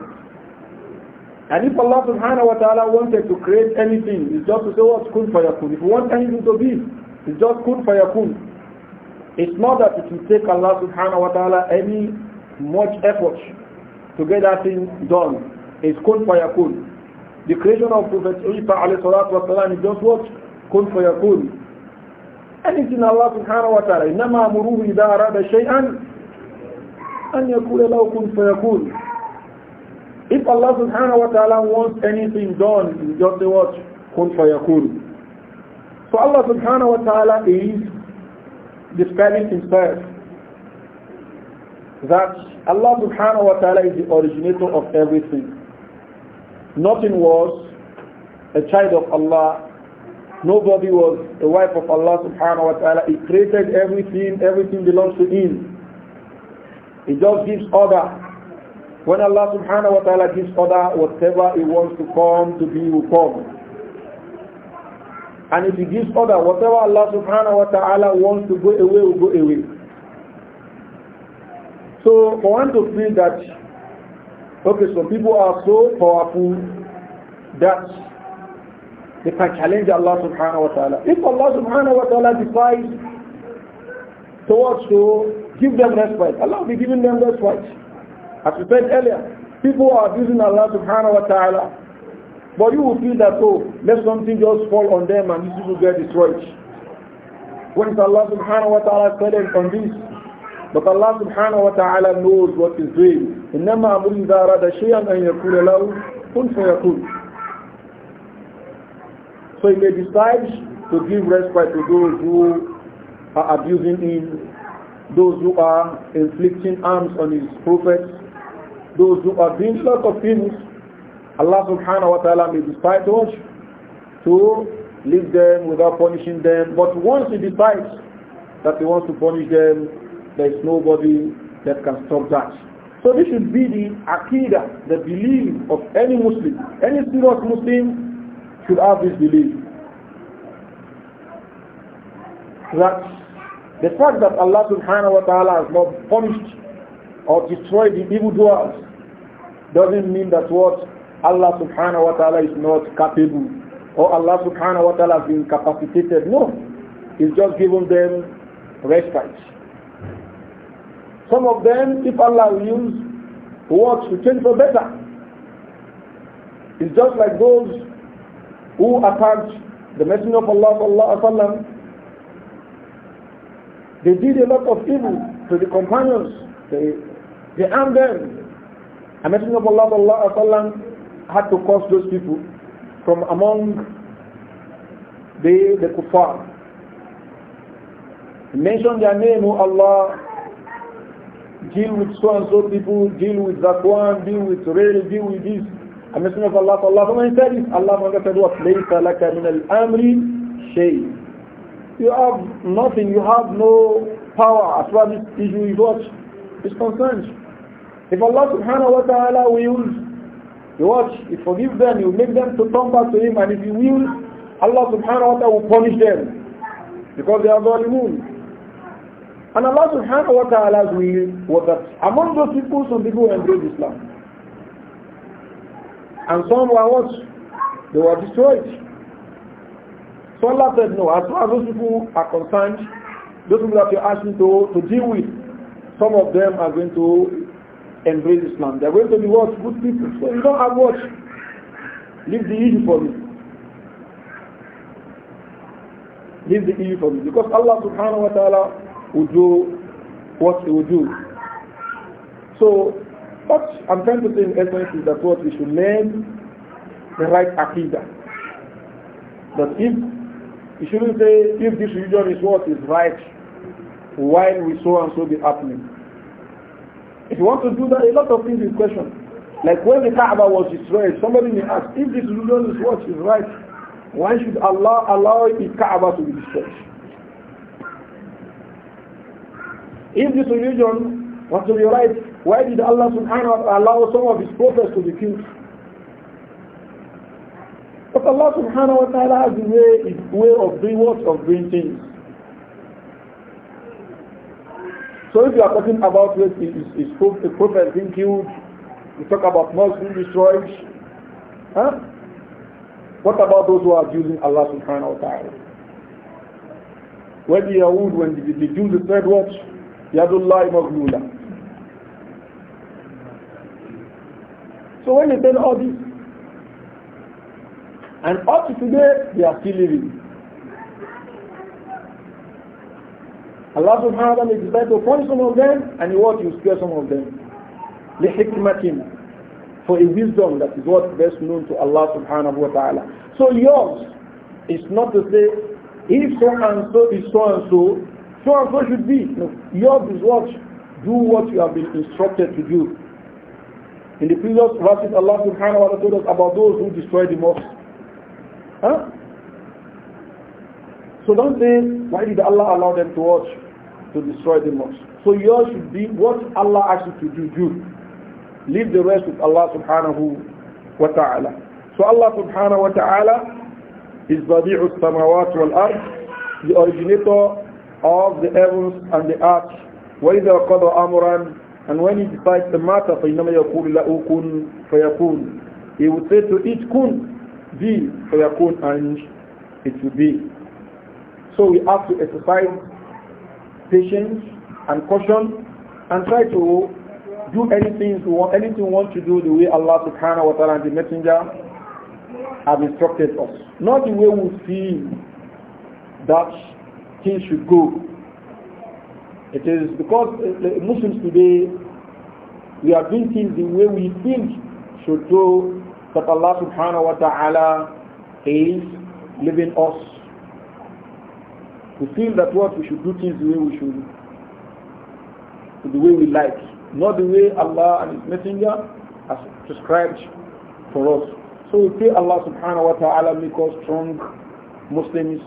And if Allah subhanahu wa ta'ala wanted to create anything, it's just to say what's oh, kun fayakun. If you want anything to be, it's just kun fayakun. It's not that it will take Allah subhanahu wa ta'ala any much effort to get that thing done. It's kun fayakun. The creation of Prophet Isa alayhi salatu wa salam is just what? Kun fayakun. Anything Allah subhanahu wa ta'ala, إنما أمره إذا أراد شيئا أن يقول له كن فيكون if Allah subhanahu wa ta'ala wants anything done, you just say what? Kun fayakun. So Allah subhanahu wa ta'ala is describing himself that Allah subhanahu wa ta'ala is the originator of everything. Nothing was a child of Allah. Nobody was a wife of Allah subhanahu wa ta'ala. He created everything. Everything belongs to Him. He just gives order when Allah subhanahu wa ta'ala gives order, whatever He wants to come to be will come. And if He gives order, whatever Allah subhanahu wa ta'ala wants to go away will go away. So I want to feel that, okay, so people are so powerful that they can challenge Allah subhanahu wa ta'ala. If Allah subhanahu wa ta'ala decides towards to give them respite, Allah will be giving them respite. As we said earlier, people are abusing Allah subhanahu wa ta'ala. But you will feel that, oh, let something just fall on them and these people get destroyed. What is Allah subhanahu wa ta'ala and on this? But Allah subhanahu wa ta'ala knows what is doing. إنما أمر إذا أراد شيئا أن يقول له كن فيكون. So he may decide to give respite to those who are abusing him, those who are inflicting harms on his prophets, those who are doing lots of things, Allah subhanahu wa ta'ala may decide to, to leave them without punishing them. But once He decides that He wants to punish them, there is nobody that can stop that. So this should be the akida, the belief of any Muslim. Any serious Muslim should have this belief. That the fact that Allah subhanahu wa ta'ala has not punished or destroyed the evildoers doesn't mean that what Allah subhanahu wa ta'ala is not capable or Allah subhanahu wa ta'ala has been capacitated. No. He's just given them respite. Some of them, if Allah wills, what to change for better. It's just like those who attacked the Messenger of Allah sallallahu alaihi wasallam. They did a lot of evil to the companions. They, they armed them. And Messenger of Allah Allah, Allah had to cause those people from among the, the kuffar. He mentioned their name, O Allah, deal with so and so people, deal with that one, deal with rail, deal with this. And Messenger of Allah Allah. alayhi he said this, Allah said what? لَيْسَ لَكَ مِنَ Amri Shay. you have nothing, you have no power as far as this issue is what is concerned. If Allah subhanahu wa ta'ala wills, you watch, He forgives them, He will make them to come back to Him, and if He wills, Allah subhanahu wa ta'ala will punish them because they are moon. And Allah subhanahu wa ta'ala's will was that among those people, some people embraced Islam. And some were what? They were destroyed. So Allah said, no, as far as those people are concerned, those people that you're asking to, to deal with, some of them are going to embrace Islam. They're going to be what? Good people. So you don't have what? Leave the issue for me. Leave the issue for me. Because Allah subhanahu wa ta'ala will do what he will do. So what I'm trying to say in essence is that what we should learn the right aqidah. That if you shouldn't say if this religion is what is right, why we so and so be happening. If you want to do that, a lot of things is questioned. Like when the Kaaba was destroyed, somebody may ask, if this religion is what is right, why should Allah allow the Kaaba to be destroyed? If this religion was to be right, why did Allah subhanahu wa ta'ala allow some of his prophets to be killed? But Allah subhanahu wa ta'ala has a way, way of doing what? Of doing things. So if you are talking about what is, is, is the prophet being killed, you talk about mosques being destroyed, huh? What about those who are abusing Allah subhanahu wa ta'ala? When the Yahud, when the, the Jews said what? Yadullah Maghlula. So when they said all this, and up to today, they are still living. Allah subhanahu wa ta'ala is better to punish some of them and what you spare some of them. لِحِكْمَةٍ For a wisdom that is what best known to Allah subhanahu wa ta'ala. So yours is not to say, if so and so is so and so, so and so should be. No. Yours is what? Do what you have been instructed to do. In the previous verses, Allah subhanahu wa ta'ala told us about those who destroy the mosque. Huh? So don't say, why did Allah allow them to watch? to destroy the mosque. So yours should be what Allah asks you to do, do. Leave the rest with Allah subhanahu wa ta'ala. So Allah subhanahu wa ta'ala is Badi'u samawat wal ard, the originator of the heavens and the earth. Wa وَإِذَا قَضَى أَمْرًا And when he decides the matter, فَإِنَّمَا يَقُولُ لَهُ كُن فَيَكُونُ He would say to each kun, be فَيَكُونُ and it will be. So we have to exercise patience and caution and try to do anything you want, anything you want to do the way Allah subhanahu wa ta'ala and the messenger have instructed us. Not the way we feel that things should go. It is because uh, Muslims today, we are doing things the way we think should go, that Allah subhanahu wa ta'ala is leaving us we feel that what we should do things the way we should, the way we like, not the way Allah and His Messenger has prescribed for us. So we pray Allah subhanahu wa ta'ala make us strong Muslims.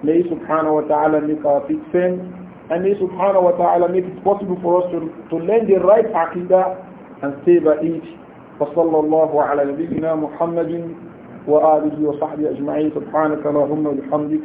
May subhanahu wa ta'ala make our feet firm. And may subhanahu wa ta'ala make it possible for us to, to learn the right aqidah and stay by it. وصلى الله على نبينا محمد وآله وصحبه أجمعين سبحانك اللهم وبحمدك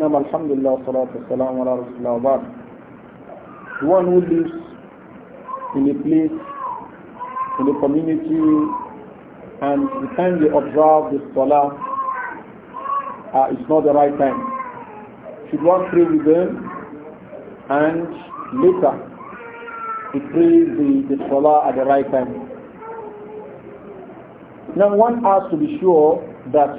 Nam alhamdulillah salatu salam ala rasulullah The one who lives in a place, in a community, and the time they observe the salah uh, it's not the right time. Should one pray with them and later he prays the, the salah at the right time. Now one has to be sure that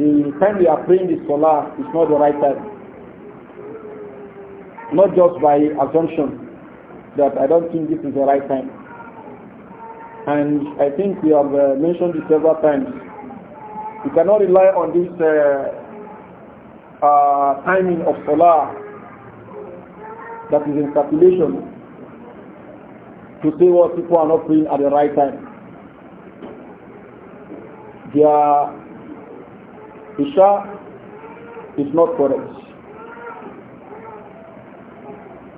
the time we are praying the salah is not the right time. Not just by assumption that I don't think this is the right time. And I think we have uh, mentioned this several times. You cannot rely on this uh, uh, timing of salah that is in calculation to see what people are not praying at the right time. Their Isha is not correct.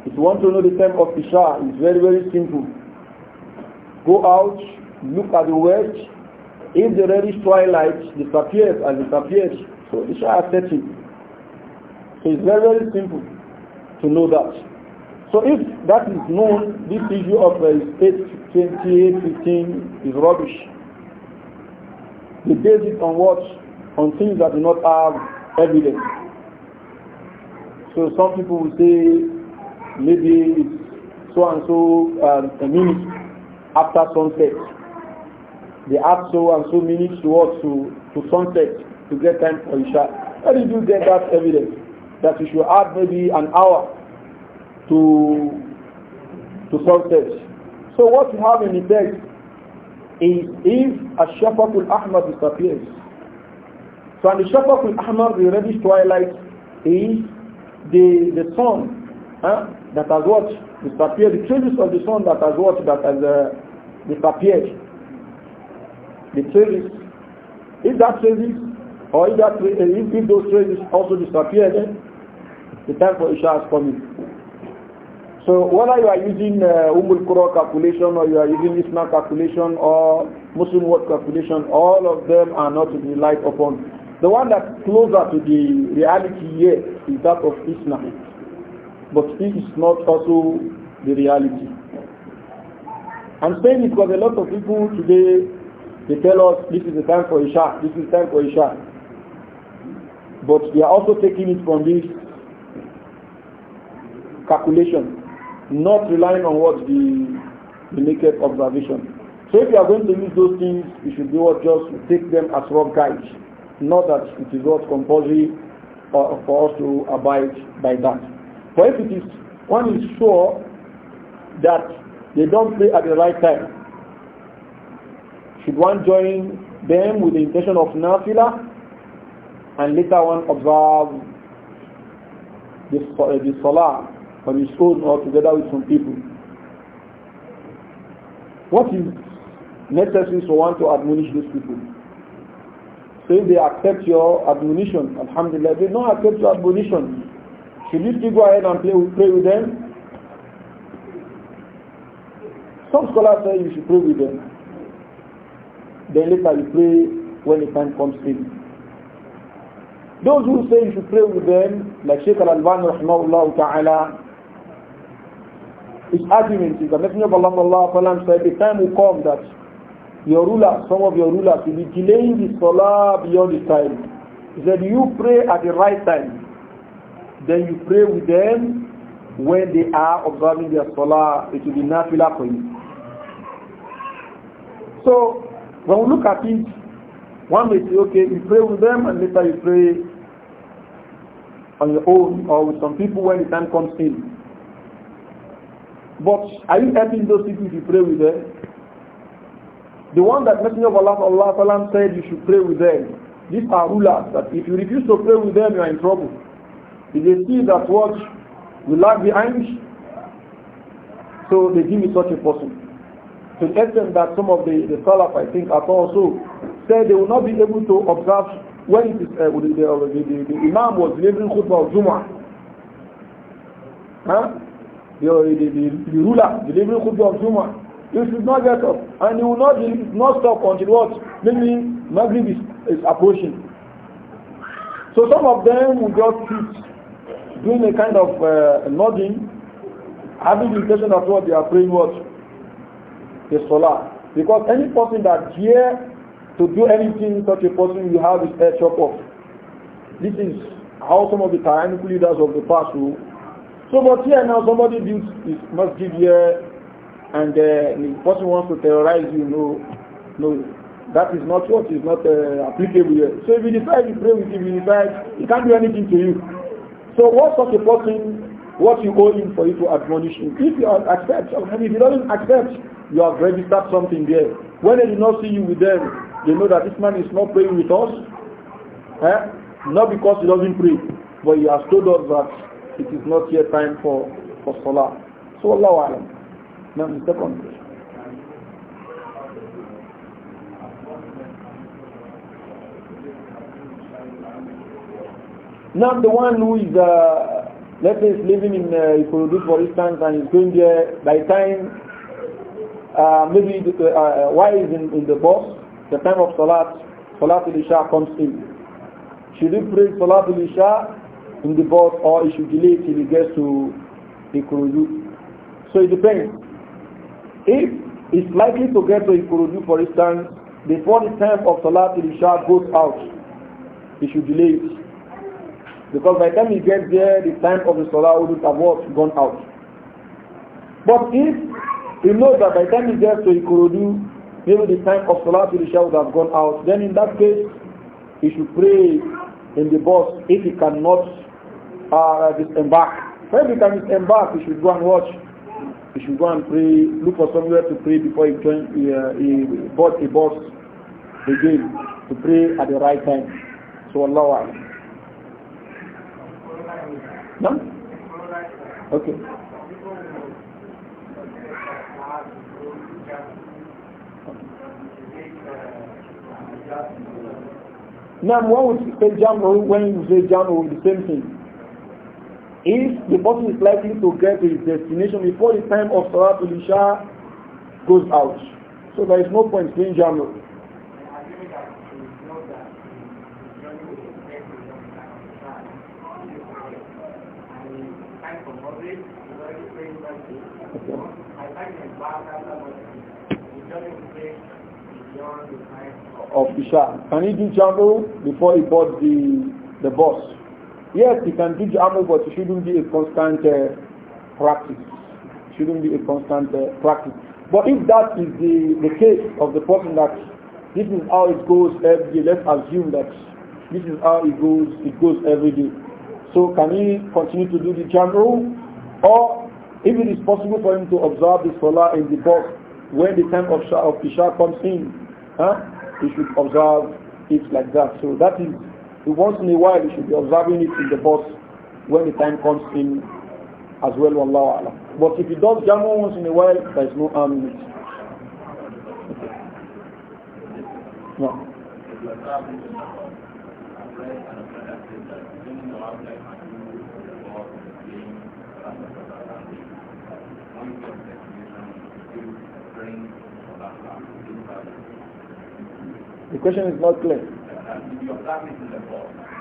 If you want to know the time of Isha, it's very, very simple. Go out, look at the world. If the reddish twilight disappears and disappears, so Isha has set So it's very, very simple to know that. So if that is known, this issue of uh, state 2815 is rubbish. They base it on what? On things that do not have evidence. So some people will say maybe it's so and so um, a minute after sunset. They add so and so minutes to what to, to sunset to get time for Isha. How do you get that evidence? That you should add maybe an hour to to this, So what you have in effect is if a Shafakul Ahmad disappears. So when the Shafakul Ahmad, the reddish twilight, is the the sun huh, that has what disappeared, the traces of the sun that has what that has uh, disappeared. The traces. If that traces or if that uh, if, those traces also disappear, then eh, the time for Isha has come so whether you are using uh, Umul Qura calculation or you are using Isna calculation or Muslim word calculation, all of them are not to be relied upon. The one that's closer to the reality here is that of Isna. But it is not also the reality. I'm saying it because a lot of people today, they tell us this is the time for Isha, this is the time for Isha. But they are also taking it from this calculation not relying on what the, the naked observation. So if you are going to use those things, you should do what just take them as rough guides, not that it is not compulsory uh, for us to abide by that. But if it is, one is sure that they don't pray at the right time. Should one join them with the intention of nafila and later on observe the, uh, the salah on his own or together with some people. What is necessary for one to admonish these people? Say they accept your admonition, alhamdulillah. They don't accept your admonition. Should you still go ahead and play, pray with them? Some scholars say you should pray with them. Then later you pray when the time comes in. Those who say you should pray with them, like Sheikh Al-Albani rahimahullah ta'ala, his argument is the Messenger of Allah sallam, said, the time will come that your ruler, some of your rulers will be delaying the salah beyond the time. He said, you pray at the right time. Then you pray with them when they are observing their salah. It will be nafila for you. So, when we look at it, one may say, okay, you pray with them and later you pray on your own or with some people when the time comes in. But are you helping those people if you pray with them? The one that Messenger of Allah, Allah, said you should pray with them. These are rulers that if you refuse to pray with them, you are in trouble. If they see that watch we lag behind, so they give me such a person. To the extent that some of the, the Salaf, I think, are also said they will not be able to observe when it is, uh, the, the, the, the, Imam was delivering khutbah of Jum'ah. Huh? the, ruler, the, the ruler delivering of human, You should not get up. And he will not, will not stop until what? Maybe Maghrib is, is approaching. So some of them will just sit doing a kind of uh, nodding, having the impression of what they are praying what? The Salah. Because any person that dare to do anything such a person will have his head chopped off. This is how some of the tyrannical leaders of the past will So, but here now somebody builds this must give here, and uh, the person wants to terrorize you. No, no, that is not what is not uh, applicable here. So, if you decide to pray with him, you decide he can't do anything to you. So, what such a person, what you owe him for you to admonish him? If you accept, I if he doesn't accept, you have registered something there. When they do not see you with them, they know that this man is not praying with us. Eh? Not because he doesn't pray, but he has told us that it is not yet time for, for Salah. So Allah Alam. Now the second Now the one who is, uh, let's say, is living in uh, Ikorodu for instance and is going there by time, uh, maybe the, uh, uh why is in, in the bus, the time of Salat, Salat al-Isha comes in. Should he pray Salat al-Isha in the boat or he should delay till he gets to Ikorodu. So it depends. If it's likely to get to Ikorodu, for instance, before the time of Salat Isha goes out, he should delay it. Because by the time he gets there, the time of the Salah would have gone out. But if he knows that by the time he gets to Ikorodu, maybe the time of Salat Isha would have gone out, then in that case, he should pray in the bus if he cannot uh, disembark. So every time you embark, you should go and watch. You should go and pray, look for somewhere to pray before you join, uh, he bought a bus again to pray at the right time. So Allah wa No? Okay. Now, when we say jamu, when we say jamu, the same thing. If the person is likely to get to his destination before the time of Salah Salatul Isha goes out. So there is no point in Jamal. Of Isha. Can he do jungle before he bought the the bus? Yes, you can do Jamu, but it shouldn't be a constant uh, practice. It shouldn't be a constant uh, practice. But if that is the, the case of the person that this is how it goes every day, let's assume that this is how it goes, it goes every day. So can he continue to do the Jamu? Or if it is possible for him to observe the Salah in the box when the time of, of Isha comes in, huh? he should observe it like that. So that is once in a while, you should be observing it in the bus when the time comes in as well, Wallahu Alam. But if it does jam once in a while, there is no harm in it. No. The question is not clear.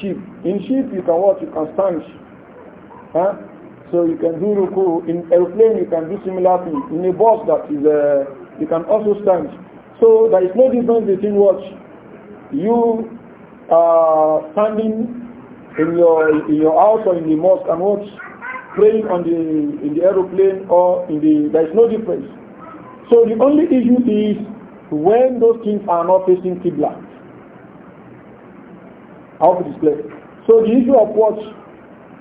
sheep. In sheep you can what? You can stand. Huh? So you can do ruku. In airplane you can do similar thing. In a bus that is uh, you can also stand. So there is no difference between what you are uh, standing in your in your house or in the mosque and what praying on the in the aeroplane or in the there is no difference. So the only issue is when those things are not facing Qibla. I hope it is So the issue of what,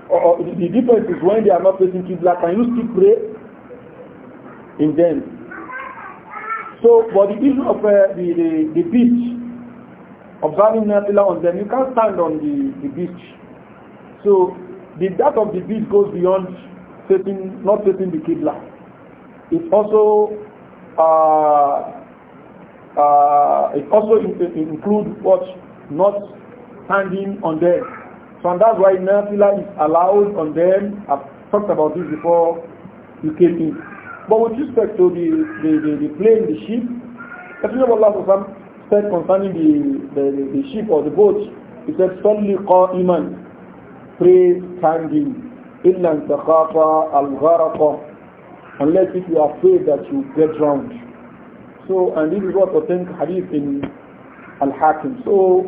or, the difference is when they are not facing like, can you still pray in them? So for the issue of uh, the, the, the beach, observing Nafila on them, you can't stand on the, the beach. So the that of the beach goes beyond not facing the kidla. It also uh, uh, it also in, in, include what not standing on them. So and that's why Nafila is allowed on them. I've talked about this before you came in. But with respect to the, the, the, the plane, the ship, the Prophet Allah said concerning the, the, the, ship or the boat, he said, Salli iman, pray standing, illa takhafa al unless if you are afraid that you get drowned. So, and this is what authentic hadith in Al-Hakim. So,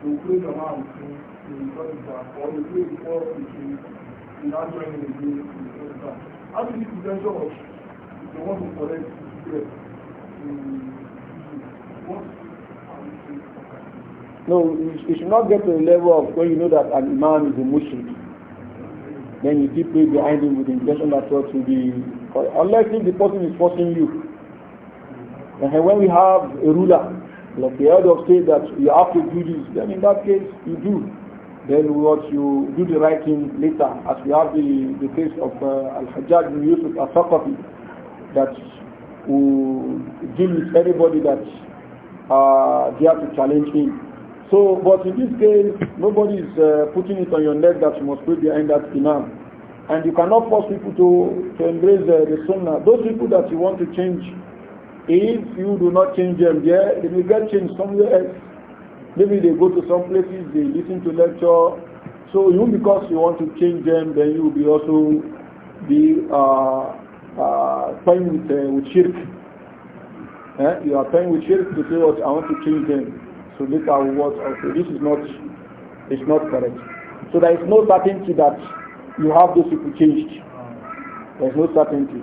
or in in How do you of the one who no, you should not get to the level of when you know that an imam is a mushrik. Then you deeply it behind him with the intention that what will be unless if the person is forcing you. And uh-huh, when we have a ruler like the other say that you have to do this, then in that case you do. Then what you do the right thing later, as we have the, the case of uh, Al-Hajjaj bin Yusuf al-Saqafi that who deal with everybody that uh, dare to challenge him. So, but in this case, nobody is uh, putting it on your neck that you must put behind that imam. And you cannot force people to, to embrace uh, the sunnah. Those people that you want to change if you do not change them there, they will get changed somewhere else. Maybe they go to some places, they listen to lecture. So you, because you want to change them, then you will be also be uh, uh, playing with, uh, with shirk. Eh? You are playing with shirk to say, what, oh, I want to change them. So these what, okay, this is not, it's not correct. So there is no certainty that you have those people changed. There is no certainty.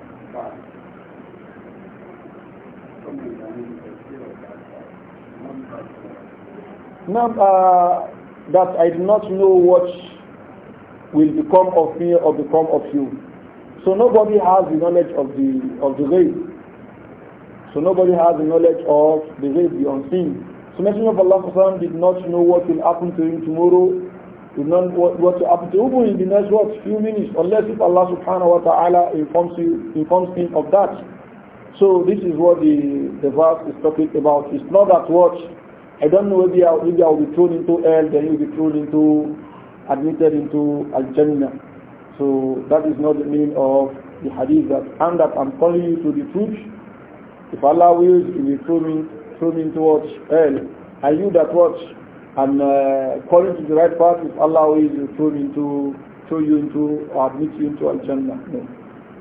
بعد uh, that I do not know what will become of me or become of you. So nobody has the knowledge of the of the grave. So nobody has the knowledge of the grave, the unseen. So Messenger of Allah did not know what will happen to him tomorrow you don't what to happen to Ubu in the next what few minutes, unless if Allah subhanahu wa ta'ala informs you informs him of that. So this is what the, the verse is talking about. It's not that what I don't know whether I, maybe I will be thrown into hell, then you'll be thrown into admitted into Al Jannah. So that is not the meaning of the hadith that and that I'm calling you to the truth. If Allah wills, He will throw me throw me into what hell. I you that watch and uh, according to the right path, if Allah will throw into, throw you into, or admit you into Al Jannah. No.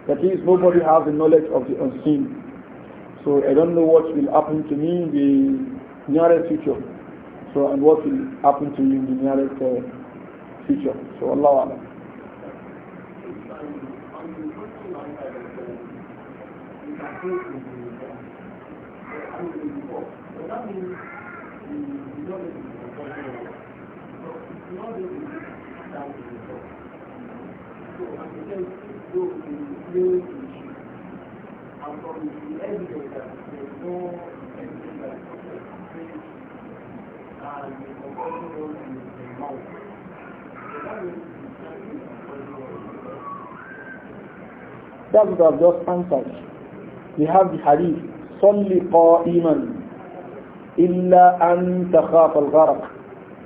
That is, nobody has the knowledge of the unseen. So I don't know what will happen to me in the nearest future. So and what will happen to you in the nearest uh, future. So Allah Allah. Thank you. That's what I've just answered. We have the hadith. صلي قائما إلا أن تخاف الغرق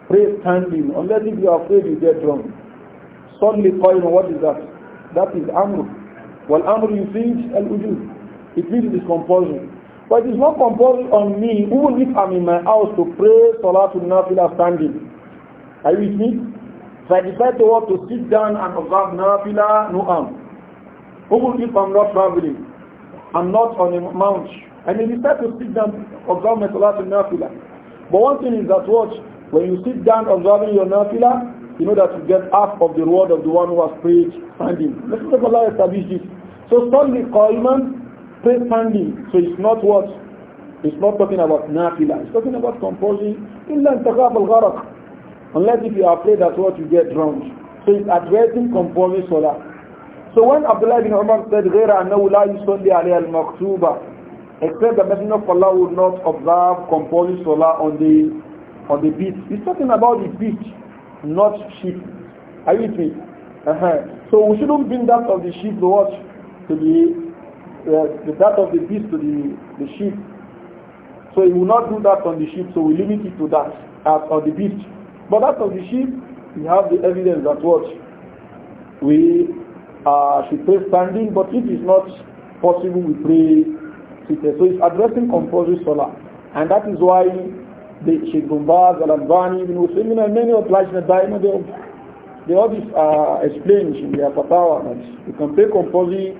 Pray standing, unless if you are afraid you get wrong. Suddenly qayn, what is that? That is amr. Well, amr think al-ujud. It means it is compulsion. But it is not compulsory on me, even if I'm in my house, to pray Salatul Nafila standing. Are you with me? If I decide to want to sit down and observe Nafila, no harm. Even if I'm not traveling, I'm not on a mount. I may decide to sit down, observe my Salatul Nafila. But one thing is that, watch, when you sit down observing your nafila, you know that you get half of the reward of the one who has prayed standing. Messenger of Allah established this. So Sunday Qaiman, pray standing. So it's not what? It's not talking about nafila. It's talking about composing. Illa intaqab al Unless if you are afraid that what you get drowned. So it's addressing composing salah. So when Abdullah bin Umar said, غَيْرَ أَنَّهُ لَا يُصَلِّ al الْمَكْتُوبَ Except the Messenger of Allah would not observe composing salah on the on the beach. He's talking about the beach, not sheep. Are you with me? Uh-huh. So we shouldn't bring that of the sheep to what? To the, uh, the that of the beast to the, the sheep. So he will not do that on the sheep, so we limit it to that as on the beast. But that of the sheep, we have the evidence that what? We uh, should pray standing, but if it's not possible, we pray seated. So it's addressing compulsory solar. And that is why the Sheikh Gumbaz, Al-Albani, Ibn Usaymin, and many of Lajna Daima, they, they all this uh, explained in their fatwa that you can pay compulsory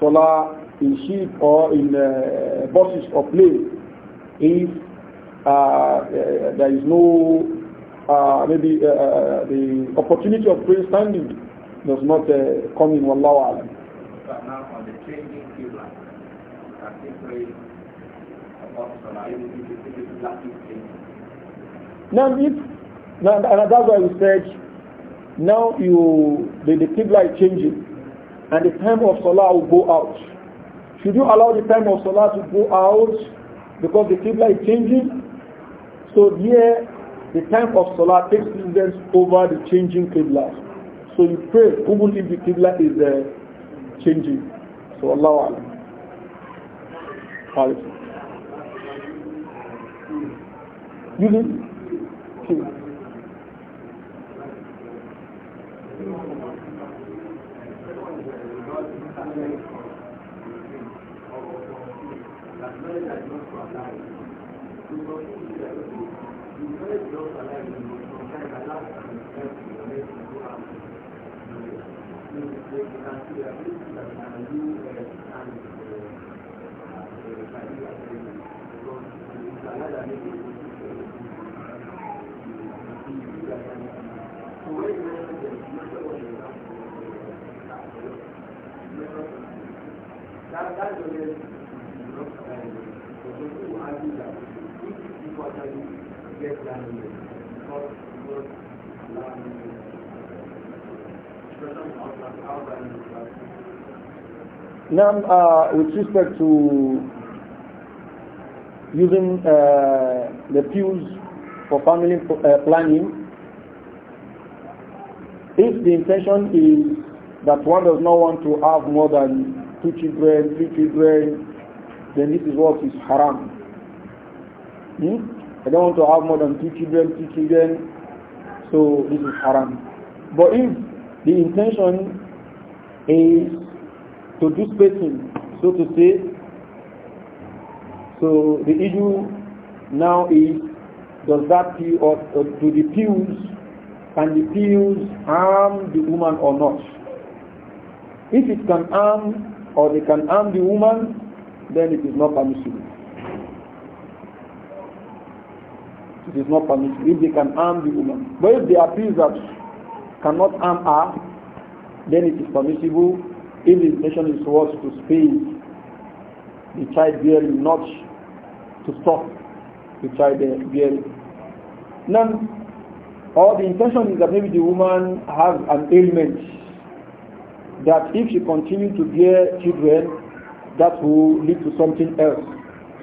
solar in sheep or in uh, buses or plane if uh, uh there is no uh, maybe uh, the opportunity of prayer standing does not come in Wallahu Alam. Now on the changing like I people, particularly about solar, now, if, now and that's why we said, now you, the, the Qibla is changing and the time of Salah will go out. Should you allow the time of Salah to go out because the Qibla is changing? So here, the time of Salah takes precedence over the changing Qibla. So you pray even if the Qibla is uh, changing. So Allah Alam. Using okay Thank you. Now, uh, with respect to using uh, the tools for family uh, planning, if the intention is that one does not want to have more than two children, three children, then this is what is haram. Hmm? I don't want to have more than two children, three children, so this is haram. But if the intention is to do spacing, so to say, so the issue now is does that peel or, or do the pills can the pills harm the woman or not? If it can harm or they can harm the woman, then it is not permissible. It is not permissible if they can harm the woman. But if they are pills that cannot harm her, then it is permissible if the intention is towards to space the childbearing, not to stop the childbearing. Now, or the intention is that maybe the woman has an ailment that if she continues to bear children, that will lead to something else.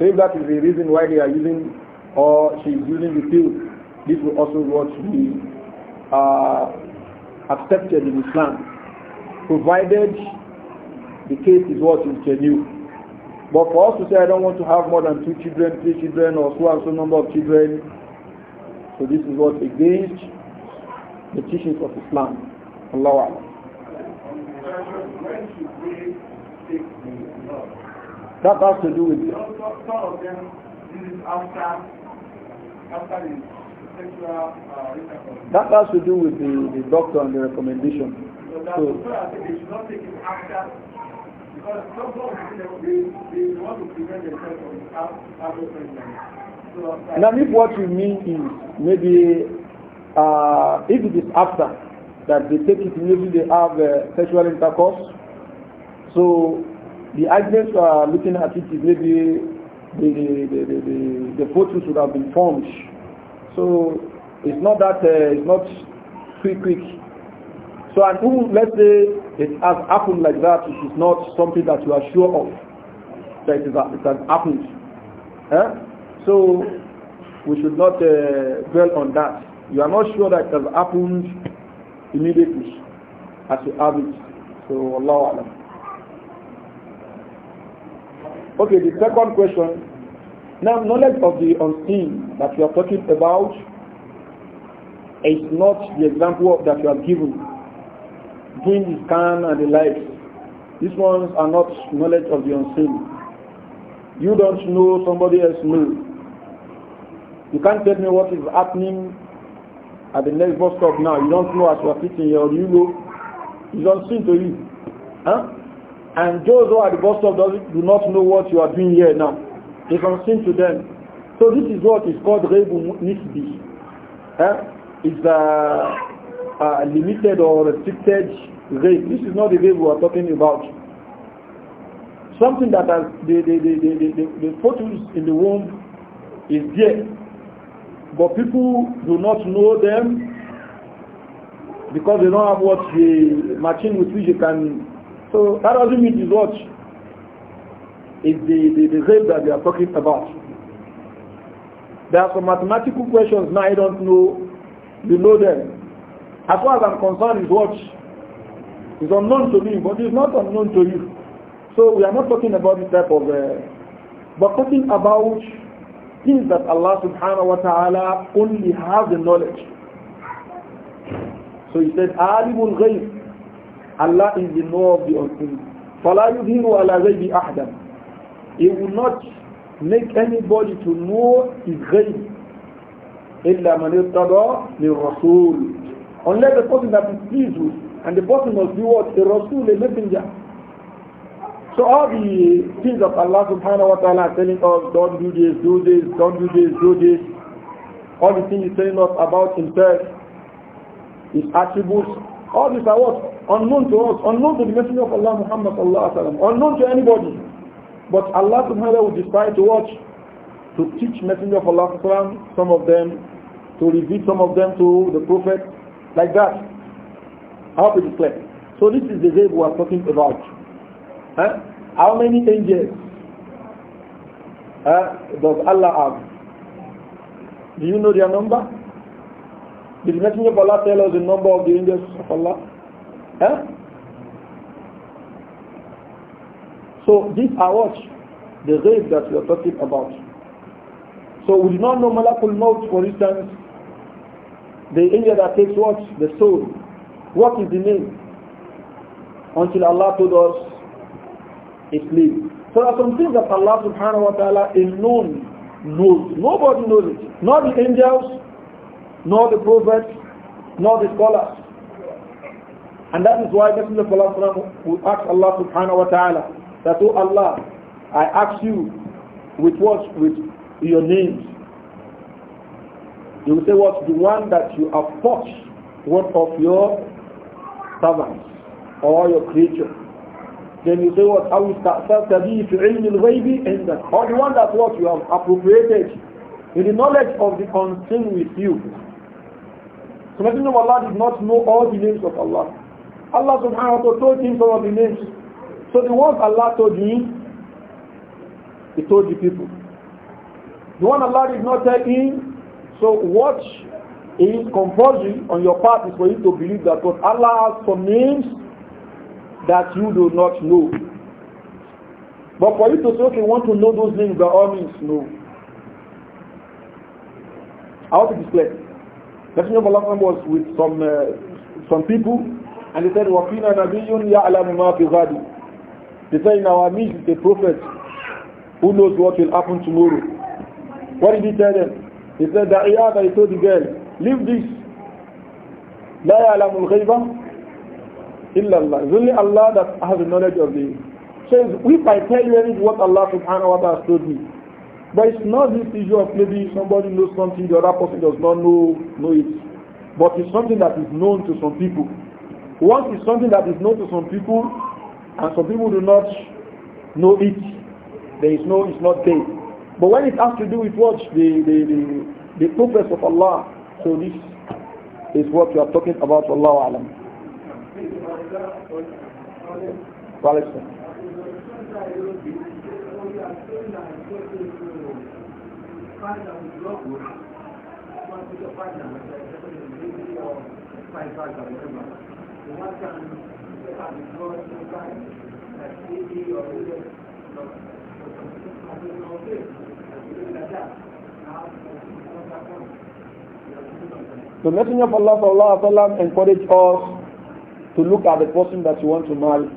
So if that is the reason why they are using or she is using the pill, this will also what be uh, accepted in Islam, provided the case is what is genuine. But for us to say I don't want to have more than two children, three children, or so and so number of children, so this is what against the teachings of Islam. Allah Allah. That has to do with Some of them, this is after, after the That has to do with the, the doctor and the recommendation. So, because some people, they, they want to prevent themselves from having pregnancy. Now, if what you mean is maybe uh, if it is after that they take it, maybe they have uh, sexual intercourse. So the arguments you are looking at it is maybe the the, the, the, the photos should have been formed. So it's not that uh, it's not too quick. So and who let's say it has happened like that, it is not something that you are sure of that it has happened. So we should not uh, dwell on that. You are not sure that it has happened immediately as you have it. So Allah Alam. Okay, the second question. Now, knowledge of the unseen that you are talking about is not the example that you have given. Doing the scan and the likes. These ones are not knowledge of the unseen. You don't know, somebody else knows. You can't tell me what is happening at the next bus stop now. You don't know as you are sitting here, you know. It's unseen to you. Huh? And those who are at the bus stop do not know what you are doing here now. It's unseen to them. So this is what is called Rebu Nisbi. Huh? It's a, uh, a limited or restricted rape. This is not the rape we are talking about. Something that has the, the, the, the, the, the, the in the womb is there. But people do not know them because they don't have what the machine with which you can. So that doesn't mean it's what is the, the, the rape that we are talking about. There are some mathematical questions now I don't know. You know them. As far as I'm concerned, is what is unknown to me, but it's not unknown to you. So we are not talking about this type of. Uh, but talking about Seems that Allah subhanahu wa ta'ala only has the knowledge. So he said, Alimul Ghayb. Allah is the knower of the unseen. فَلَا يُظْهِرُ عَلَى غَيْبِ أَحْدًا He will not make anybody to know his ghayb. إِلَّا مَنِ ارْتَضَى لِلرَّسُولِ Unless the person that is pleased with, and the person must be what? A Rasul, a messenger. So all the things of Allah subhanahu wa ta'ala telling us, don't do this, do this, don't do this, do this, all the things he's telling us about himself, his attributes, all these are what? Unknown to us, unknown to the Messenger of Allah Muhammad sallallahu alayhi wa unknown to anybody. But Allah subhanahu wa ta'ala will decide to watch, to teach Messenger of Allah sallam, some of them, to reveal some of them to the Prophet, like that. I hope it is clear. So this is the day we are talking about. Huh? How many angels huh, does Allah have? Do you know their number? Did the Messenger of Allah tell us the number of the angels of Allah? Huh? So these are what? The grave that we are talking about. So we do not know Malakul Maut, for instance, the angel that takes what? The soul. What is the name? Until Allah told us so there are some things that Allah subhanahu wa ta'ala alone knows. Nobody knows it. Not the angels, nor the prophets, nor the scholars. And that is why Messenger of Allah will ask Allah subhanahu wa ta'ala that, oh Allah, I ask you with what? With your names. You will say what? The one that you have touched, one of your servants or your creatures? Then you say what? How is Ta'atabi fi ilm al-ghaybi indak? Or the one that what you have appropriated in the knowledge of the unseen with you. So Messenger of Allah did not know all the names of Allah. Allah subhanahu wa ta'ala told him some of the names. So the ones Allah told him, he told the people. The one Allah did not tell him, so watch is compulsory on your part is for you to believe that what Allah has some names that you do not know. But for you to say, okay, want to know those things by all means, no. I want to display. Messenger of Allah was with some uh, some people and they said, Wafina Nabiyun Ya'lamu ma fi ghadi. They said in our midst the prophet who knows what will happen tomorrow. What did he tell them? He said, Da'iyada, he told the girl, leave this. La ya'lamu al illallah. It's only Allah that has the knowledge of the so if I tell you anything what Allah subhanahu wa ta'ala told me. But it's not this issue of maybe somebody knows something, the other person does not know know it. But it's something that is known to some people. Once it's something that is known to some people and some people do not know it, there is no it's not there. But when it has to do with what the the, the, the of Allah, so this is what we are talking about Allah Alam. Qual é isso? The Messenger of Allah Allah, encourage us to look at the person that you want to marry.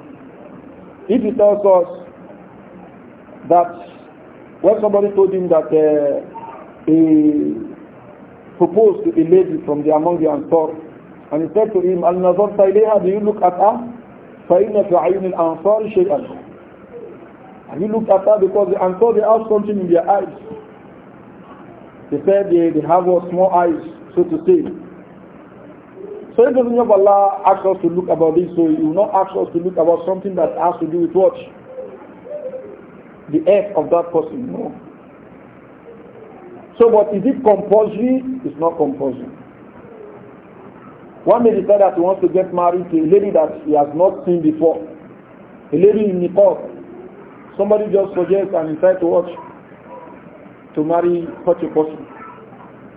If he tells us that when somebody told him that uh, he proposed to a lady from the among the Ansar, and he said to him, Al Nazar Saileha, do you look at her? فَإِنَّ فِي al Ansar شَيْئًا And he looked at her because the Ansar, they have something in their eyes. They said they, they have small eyes, so to say. So it doesn't of Allah ask us to look about this, so He will not ask us to look about something that has to do with what? The earth of that person, no. So but is it compulsory? It's not compulsory. One may decide that he wants to get married to a lady that he has not seen before. A lady in Nepal. Somebody just suggests and decides to watch to marry such a person.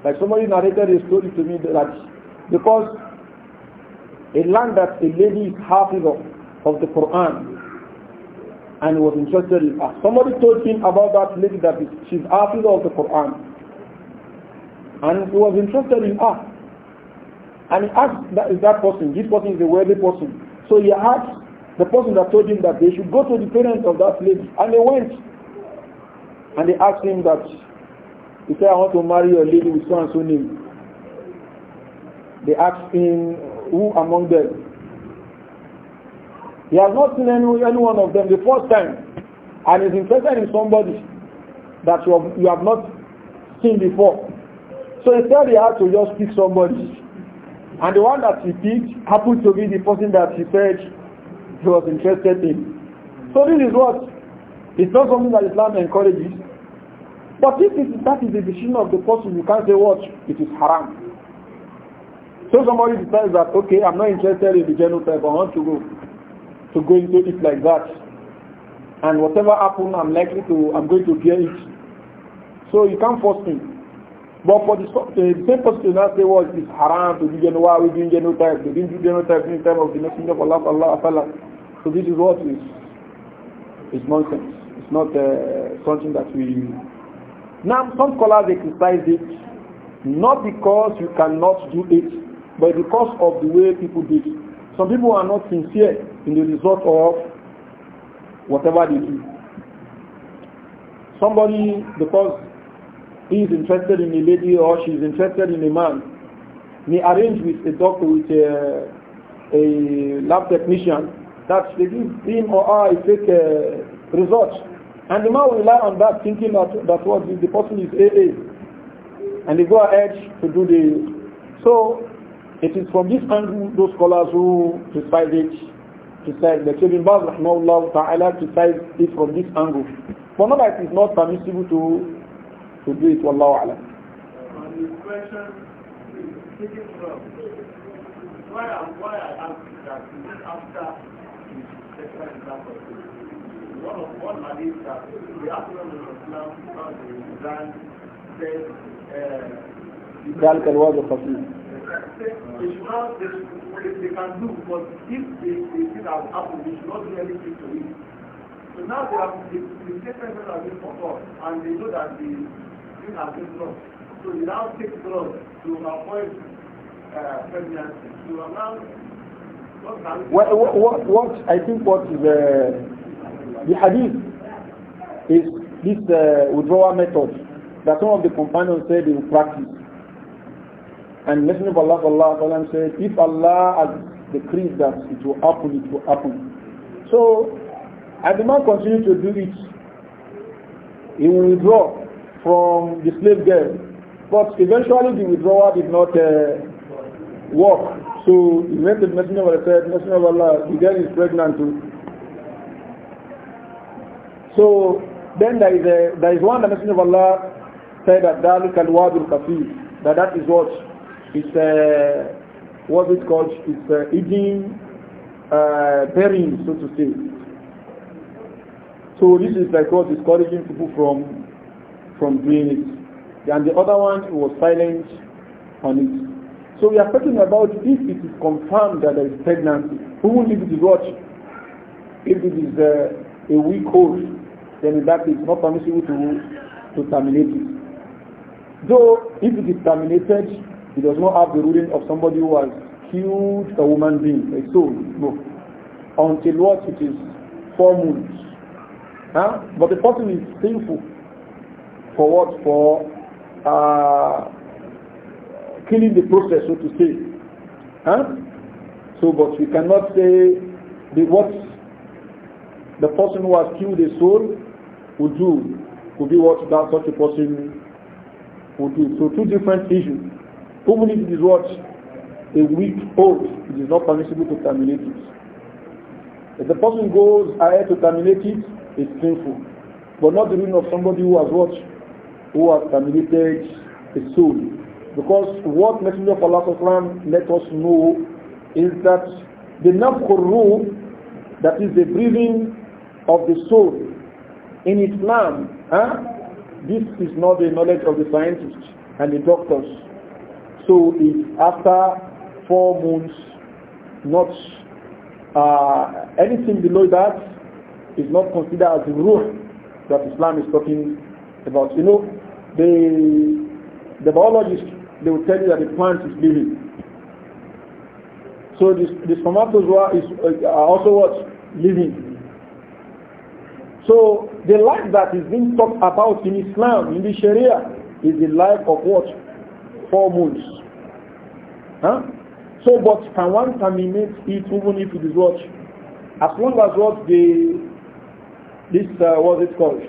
Like somebody narrated a story to me that because a land that a lady is half of, of the Quran and was interested in us. Somebody told him about that lady that she's half of the Quran and he was interested in us. And he asked, that, is that person, this person is a worthy person. So he asked the person that told him that they should go to the parents of that lady. And they went. And they asked him that, he said, I want to marry a lady with so and so name. They asked him who among them? He has not seen any, any one of them the first time and is interested in somebody that you have, you have not seen before. So instead he had to just pick somebody. And the one that he picked happened to be the person that he said he was interested in. So this is what? It's not something that Islam encourages. But if it, that is the decision of the person, you can't say what? It is haram. So somebody decides that, okay, I'm not interested in the genotype, I want to go, to go into it like that. And whatever happens, I'm likely to, I'm going to get it. So you can't force me. But for the, uh, the same person to not say, well, it's haram to do genotype, we doing genotype, we didn't do genotype in time of the Messenger of Allah, Allah, Allah. So this is what is, is nonsense. It's not uh, something that we... Now, some scholars exercise criticize it not because you cannot do it, but because of the way people did it. Some people are not sincere in the result of whatever they do. Somebody, because he is interested in a lady or she is interested in a man, may arrange with a doctor, with a, a lab technician, that they give him or her a fake uh, result. And the man will rely on that thinking that, that what the person is AA. And they go ahead to do the... So it is from this angle those scholars who criticize it, criticize the Ibn Baz rahmahullah ta'ala criticize it from this angle. But now, that it is not permissible to, to do it, wallahu alam. Why from why I ask that after second example, one of one hadith that the Prophet Islam uh, the "That says. Uh, ذلك was خفيف say they should not, they, should, they, they can do, but if they, they see that will happen, they should not do anything to it. So now they have, the, the statements have been and they know that the thing has been lost. So they now take to avoid uh, pregnancy. to now, what, what, what, what I think what the, uh, the hadith is this uh, withdrawal method that some of the companions said they will practice. And Messenger of Allah sallallahu said, if Allah has decreed that it will happen, it will happen. So, as the man continued to do it, he will withdraw from the slave girl. But eventually the withdrawal did not uh, work. So he went to the Messenger of Allah said, Messenger of Allah, the girl is pregnant too. So then there is, a, there is one the Messenger of Allah said that that is what it's a, uh, what's called? It's a eating, uh, bearing, uh, so to say. So this is like what discouraging people from, from doing it. And the other one was silent on it. So we are talking about if it is confirmed that there is pregnancy, will if it is watch If it is uh, a a weak old, then that is not permissible to, to terminate it. Though if it is terminated, he does not have the ruling of somebody who has killed a woman being, a soul. No. Until what? It is four moons. Huh? But the person is sinful. For what? For uh, killing the process, so to say. Huh? So, but we cannot say the what the person who has killed a soul would do, would be what that such a person would do. So, two different issues. Only if it is what? A week old, it is not permissible to terminate it. If the person goes ahead to terminate it, it's sinful. But not the ruin of somebody who has what? Who has terminated his soul. Because what Messenger of Allah let us know is that the rule that is the breathing of the soul in Islam, huh? this is not the knowledge of the scientists and the doctors. So it's after four months, not uh, anything below that is not considered as the rule that Islam is talking about. You know, the, the biologists, they will tell you that the plant is living. So this, the spermatozoa is uh, are also what? Living. So the life that is being talked about in Islam, in the Sharia, is the life of what? four moons. Huh? So, but can one terminate it even if it is what? As long as what the, this, uh, what is it called?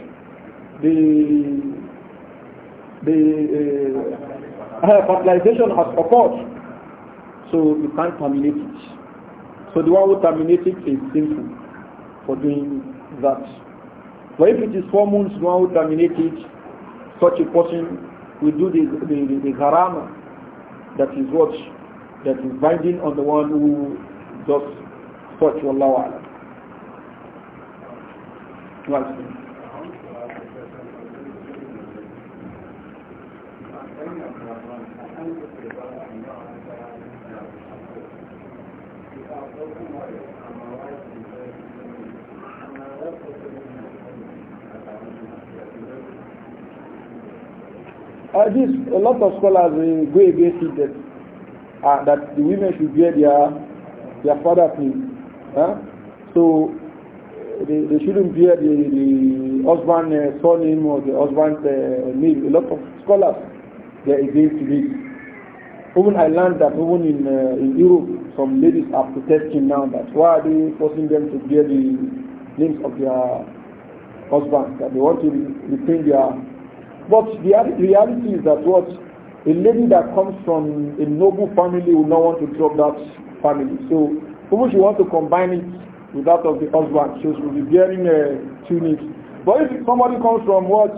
The, the uh, uh, fertilization has occurred. So you can't terminate it. So the one who terminates it is sinful for doing that. But if it is four months, the one who terminates it, such a person we do the, the, the, the that is what that is binding on the one who does such wallahu alam. Right. Uh, this, a lot of scholars uh, go against it that, uh, that the women should bear their, their father's name. Huh? So they, they shouldn't bear the, the husband's uh, surname or the husband's uh, name. A lot of scholars, they are against this. Even I learned that even in, uh, in Europe, some ladies are protesting now that why are they forcing them to bear the names of their husbands, that they want to retain their But the reality is that what a lady that comes from a noble family will not want to drop that family. So even she wants to combine it with that of the husband. She will be bearing a uh, tunic. But if somebody comes from what?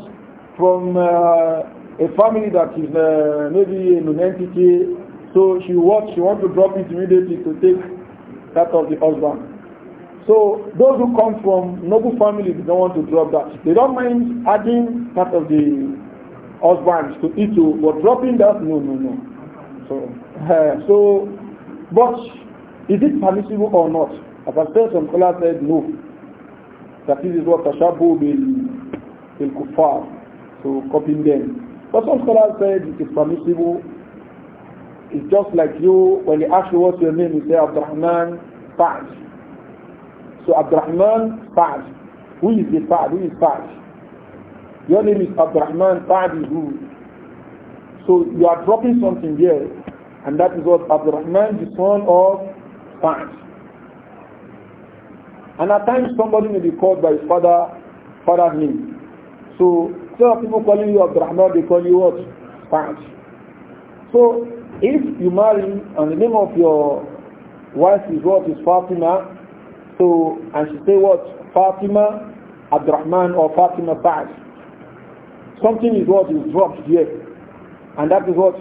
From uh, a family that is uh, maybe an entity, so she wants she wants to drop it immediately to take that of the husband. So those who come from noble families they don't want to drop that. They don't mind adding part of the husband to eat to, but dropping that, no, no, no. So, uh, so, but is it permissible or not? As I said, some scholars said no. That this is what Tashabu will, kufar, so copying them. But some scholars said it is permissible. It's just like you, when they ask you what's your name, you say Abdurrahman Fa'j. So Abdurrahman Sa'd. Who is the Sa'd? Who is Sa'd? Your name is Abdurrahman Sa'd who? So you are dropping something here. And that is what Abdurrahman, the son of Sa'd. And at times somebody may be called by his father, father's name. So some people calling you Abdurrahman, they call you what? Sa'd. So if you marry and the name of your wife is what is Fatima, and she say what? Fatima Abdurrahman or Fatima Sa'ad. Something is what is dropped here. And that is what?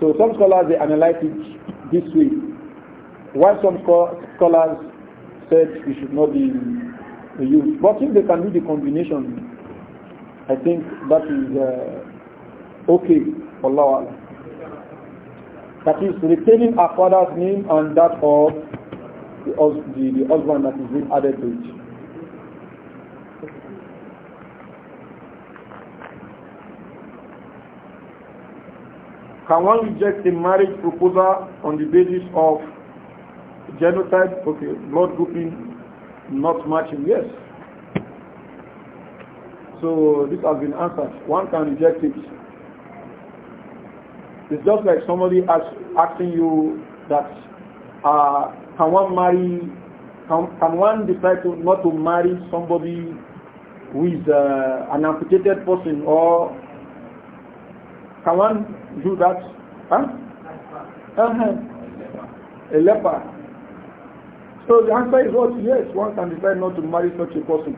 So some scholars, they analyze it this way. While some scholars said it should not be used. But if they can do the combination, I think that is uh, okay. Allah. That is retaining our father's name and that of the, the, the husband that is being added to it. Can one reject a marriage proposal on the basis of genotype, okay, blood grouping, not matching? Yes. So this has been answered. One can reject it. It's just like somebody asking you that uh, can one marry, can, can one decide to, not to marry somebody who is uh, an amputated person or can one do that? Huh? Uh-huh. A leper. So the answer is what? Yes, one can decide not to marry such a person.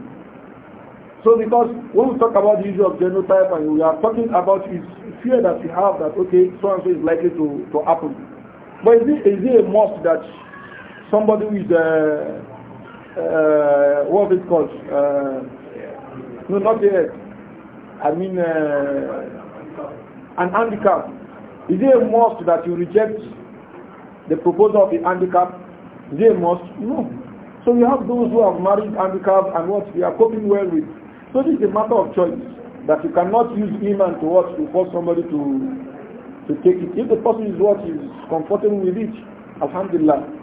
So because when we talk about the issue of genotype and we are talking about is fear that we have that okay, so and so is likely to, to happen. But is it, is it a must that somebody with uh, uh, what is it called? Uh, no, not yet. I mean, uh, an handicap. Is it a must that you reject the proposal of the handicap? Is it a must? No. So we have those who have married handicap and what we are coping well with. So this is a matter of choice that you cannot use iman to what to force somebody to to take it. If the person is what is comfortable with it, alhamdulillah.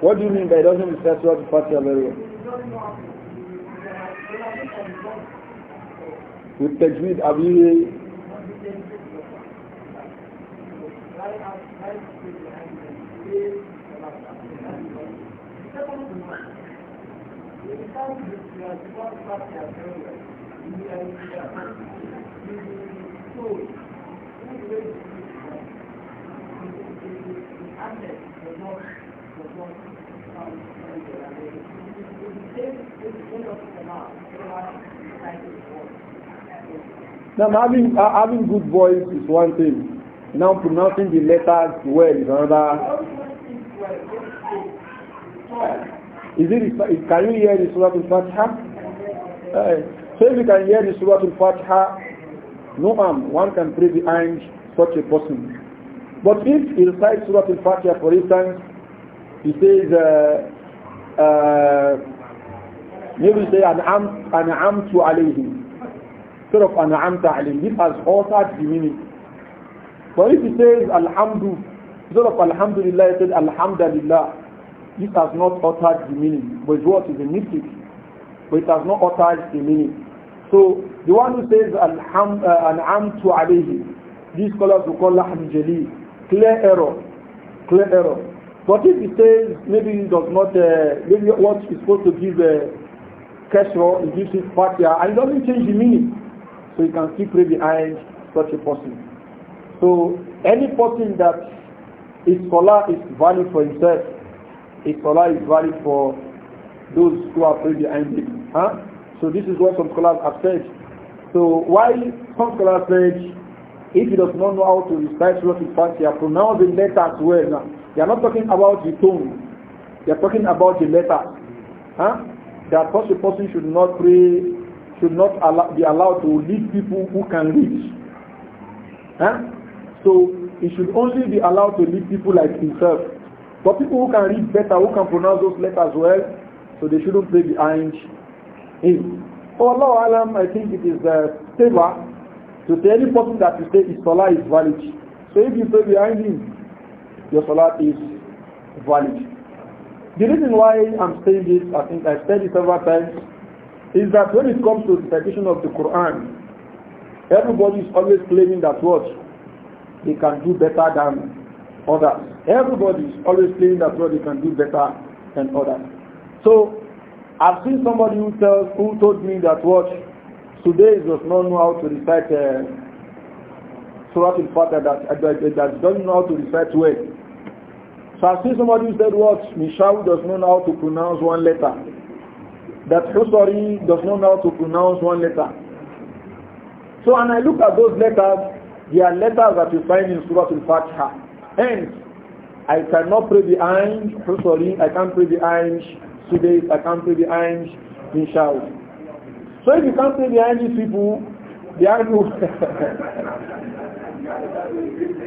What do you mean by it doesn't refer to the Fatiha very well? With Tajweed, have you... Thank you. Now having uh, having good voice is one thing. Now pronouncing the letters well is another. Is it can you hear the Surah Al-Fatiha? Uh, so if you can hear the Surah Al-Fatiha, no harm. One can pray behind such a person. But if he recites Surah Al-Fatiha, for instance, he says, uh, uh, maybe say an am an am to alayhim. Instead of an am to alayhim, this has altered the meaning. But if he says alhamdu, instead of alhamdulillah, he says alhamdulillah. This has not altered the meaning. But what is a mystic, but it has not altered the meaning. So the one who says alham uh, an am to alayhim, these scholars will call laham jali, clear error, clear error. But if he says maybe he does not, uh, maybe what he's supposed to give uh, Keshro, he gives it Fatiha, and it doesn't change the meaning. So you can still pray behind such a person. So any person that his salah is valid for himself, his salah is valid for those who are praying behind him. Huh? So this is what some scholars have said. So why some scholars said if he does not know how to respect Surah Al-Fatiha, pronounce the letter as well now. They are not talking about the tone. They are talking about the letter. Huh? That such a person should not pray, should not allow, be allowed to lead people who can read. Huh? So he should only be allowed to lead people like himself. But people who can read better, who can pronounce those letters well, so they shouldn't pray behind him. For oh, Allah Alam, I think it is the uh, favor to tell any person that you say his is valid. So if you pray behind him, your salah is valid. The reason why I'm saying this, I think i said it several times, is that when it comes to recitation of the Quran, everybody is always claiming that what they can do better than others. Everybody is always claiming that what they can do better than others. So I've seen somebody who tells, who told me that what today does not know how to recite uh, Surah Al-Fatih that, that, that doesn't know how to recite well. So I see somebody who said what? Michal does not know how to pronounce one letter. That Husari does not know how to pronounce one letter. So when I look at those letters, they are letters that you find in Surah Al-Fatiha. Hence, I cannot pray behind Husari, I can't pray behind today. I can't pray behind Mishal. So if you can't pray the these people, they are no.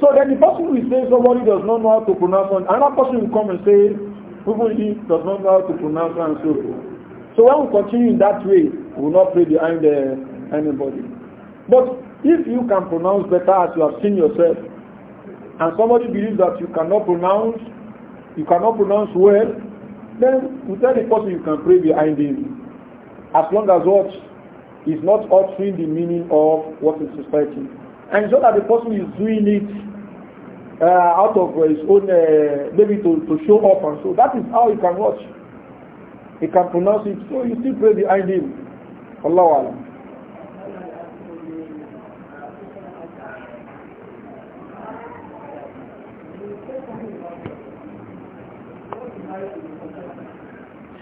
So then the person will say somebody does not know how to pronounce it. Another person will come and say, Ubunji does not know how to pronounce and so. So when we continue in that way, we will not pray behind uh, anybody. But if you can pronounce better as you have seen yourself, and somebody believes that you cannot pronounce, you cannot pronounce well, then you tell the person you can pray behind him. As long as what is not altering the meaning of what is society. And so that the person is doing it uh, out of his own, uh, maybe to, to show off and so. That is how he can watch. He can pronounce it. So you still pray behind him. Allah Allah.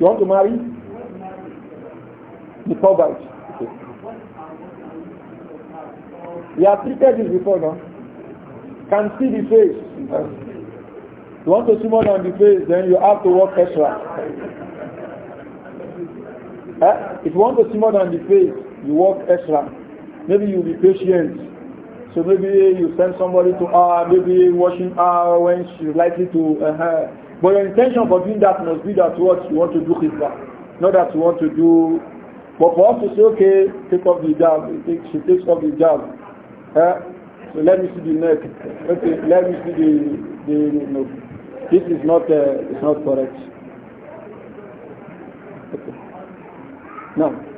You want to marry? The Tobite. Okay. We have treated this before now. can see the face. You want to see more than the face, then you have to work extra. Eh? If you want to see more than the face, you work extra. Maybe you be patient. So maybe you send somebody to her, maybe watching her when she's likely to. Uh, uh-huh. her. But your intention for doing that must be that what you want to do is that, not that you want to do. But for us to say, okay, take off the job, she takes off the job. Eh? So let me see the neck. Okay, let me see the, the no. This is not, uh, it's not correct. Okay. Now.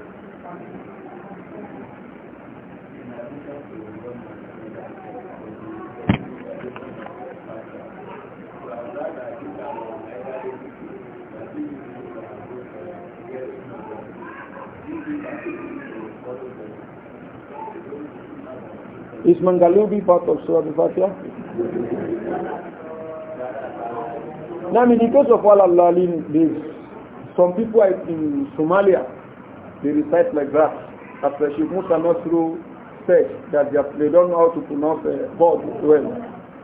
Is Mangalubi part of Surah Al-Fatiha? Now, I mean, because of Al-Alalim, some people in Somalia, they recite like that. As Sheikh Musa Nasru said, that they, don't know how to pronounce uh, God well.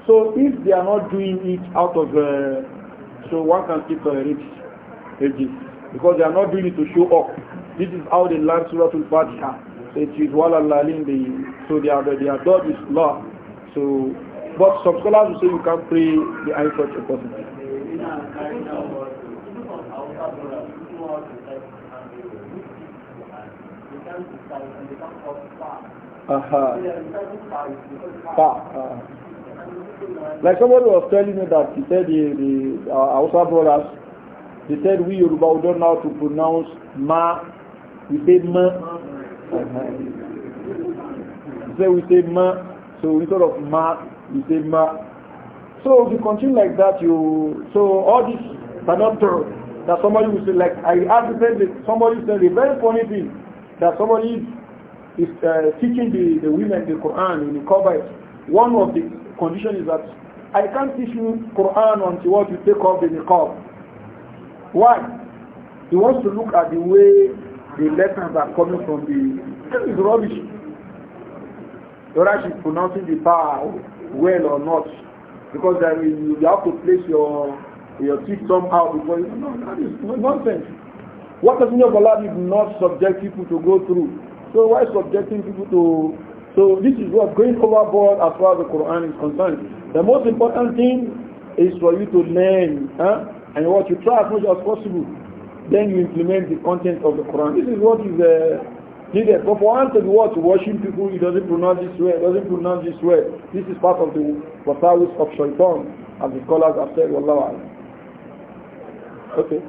So if they are not doing it out of, uh, so one can keep tolerate uh, Because they are not doing it to show off. This is how they learn Surah Al-Fatiha. it is Wala Lalim, they So they are, they are done law. So, but some scholars will say you can pray the eye for a person. uh Like somebody was telling me that he said the, the uh, brothers, they said we Yoruba don't know how to pronounce ma, we say ma. Uh-huh. Say we say ma, so instead of ma, we say ma. So if you continue like that, you so all this cannot throw. That somebody will say like I asked the that somebody said a very funny thing that somebody is uh, teaching the, the women the Quran in the Kabbalah. One of the conditions is that I can't teach you Quran until what you take off the niqab. Why? He wants to look at the way the letters are coming from the. This is rubbish whether she's pronouncing the power well or not. Because you have to place your your teeth somehow before you no, that is nonsense. What does of Allah is not subject people to go through? So why subjecting people to so this is what going overboard as far as the Quran is concerned. The most important thing is for you to learn huh? and what you try as much as possible. Then you implement the content of the Quran. This is what is uh, needed. But for one to be what? Washing people, he doesn't pronounce this way. doesn't pronounce this way. This is part of the wasawis of shaitan, as the scholars have said, Wallahu Okay.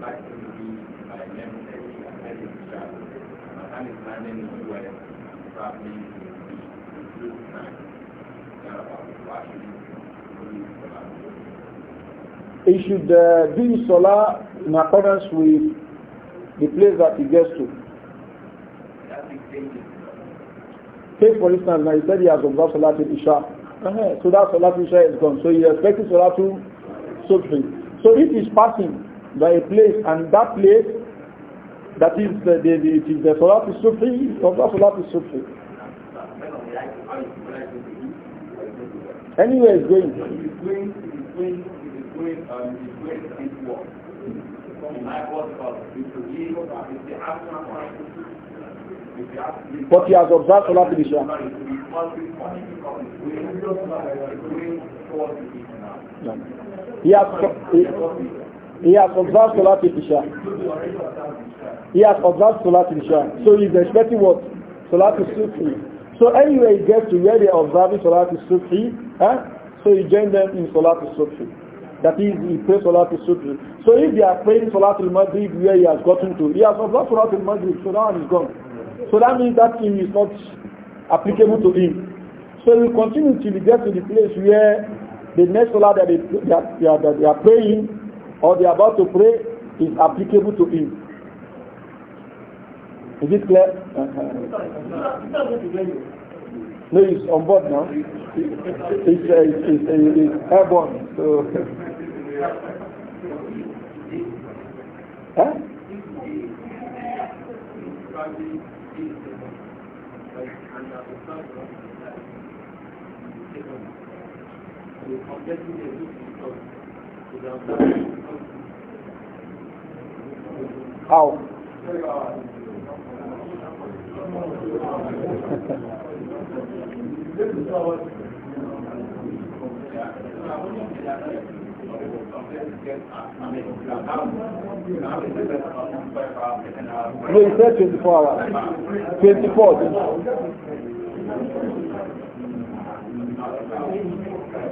Like to be my and his management were probably he should uh, do his salah in accordance with the place that he gets to. Take for instance, now he said he has observed Salatul Isha. Uh -huh. So that Salatul Isha is gone. So he expected Salatul Subhi. So if he's passing by a place and that place That is, uh, the, the, it is the Salat al-Subhi, not Salat al-Subhi. Anywhere it's going. But he has observed Salat al-Isha. He has... He, he has observed Salat Isha. He has observed Salat Isha. So he's expecting what? Salat Sufi. So anyway, he gets to where they are observing Salat Sufi. Huh? So he joins them in Salat Sufi. That is, he prays Salat Sufi. So if they are praying Salat in maghrib where he has gotten to, he has observed Salat in maghrib so now he's gone. So that means that thing is not applicable to him. So we continue till we get to the place where the next salah that they, that, that, that they are praying or they are about to pray is applicable to him. Is it clear? Uh-huh. No, he's on board now. He's, uh, he's, uh, he's airborne. So. huh? Uh, How? No, said 24 hours. 24.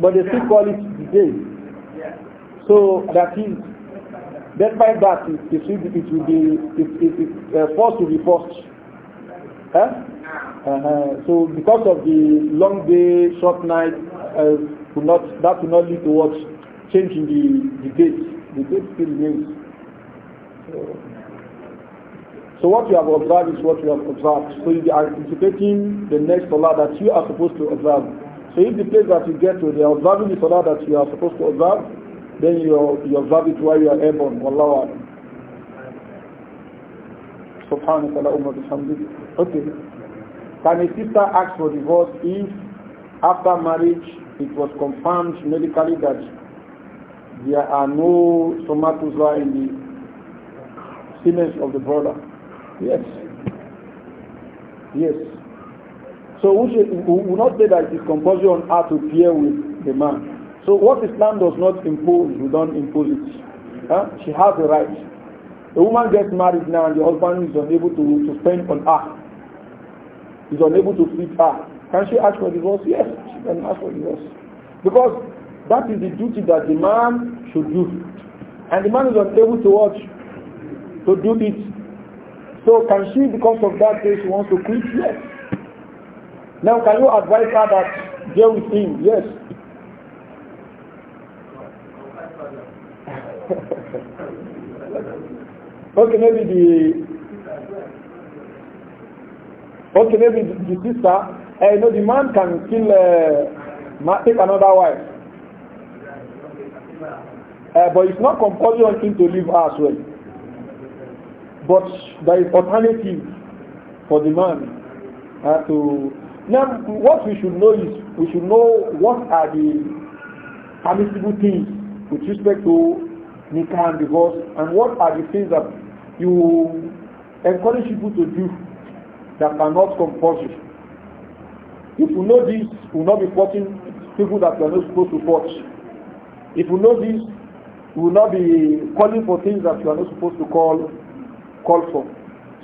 But they still call it day, So that is, despite that, it, it, will, be, it will be, it, it, it uh, forced to be forced. Huh? Uh-huh. So because of the long day, short night, uh, will not, that will not lead to what? Change in the, the date. The date still remains. So, so what you have observed is what you have observed. So you are anticipating the next Salah that you are supposed to observe. So if the place that you get to, they are observing the Salah that you are supposed to observe, then you, you observe it while you are airborne. Wallahu alam. Subhanaka Okay. Can a sister ask for divorce if after marriage it was confirmed medically that there are no somatozoa in the semen of the brother? Yes. Yes. So we, should, we will not say that it is compulsory on her to pair with the man. So what Islam does not impose, we don't impose it. Huh? She has the right. The woman gets married now and the husband is unable to, to spend on her. He's unable to feed her. Can she ask for divorce? Yes, she can ask for divorce. Because that is the duty that the man should do. And the man is unable to watch, to do it. So can she, because of that day, she wants to quit? Yes. Now, can you advise her that deal with him? Yes. okay, maybe the okay, maybe the, sister. Uh, eh, you know, the man can still uh, eh, take another wife, uh, but it's not compulsory on him to leave her as well. But there is alternative for the man uh, to now what we should know is we should know what are the permissible things with respect to nikah and divorce and what are the things that you encourage people to do that are not compulsory. If we know this, we will not be forcing people that we are not supposed to force. If we know this, we will not be calling for things that we are not supposed to call Call for.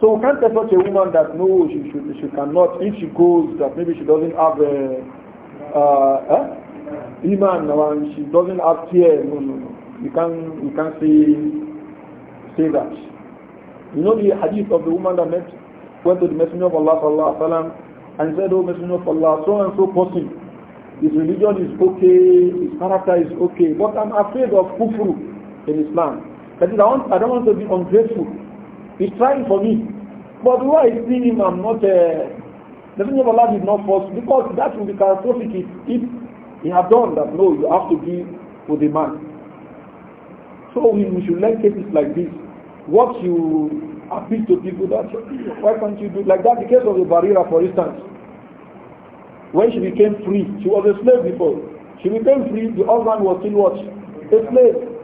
So we can't tell such a woman that no, she should, she cannot. If she goes, that maybe she doesn't have a, uh, eh? iman, or she doesn't have fear. No, no, no. You can't, you can't say, say that. You know the hadith of the woman that met, went to the Messenger of Allah sallallahu alaihi and said, "Oh Messenger of Allah, so and so person, his religion is okay, his character is okay, but I'm afraid of kufru in Islam. That is, I, want, I don't want to be ungrateful." He's trying for me. But why? way I see him, I'm not, uh, the thing of Allah not force, because that will be catastrophic if, if he have done that. No, you have to be with the man. So we, we should learn cases like this. What you appeal to people that, why can't you do, like that, the case of the Barira, for instance, when she became free, she was a slave before. She became free, the husband was still what? A slave.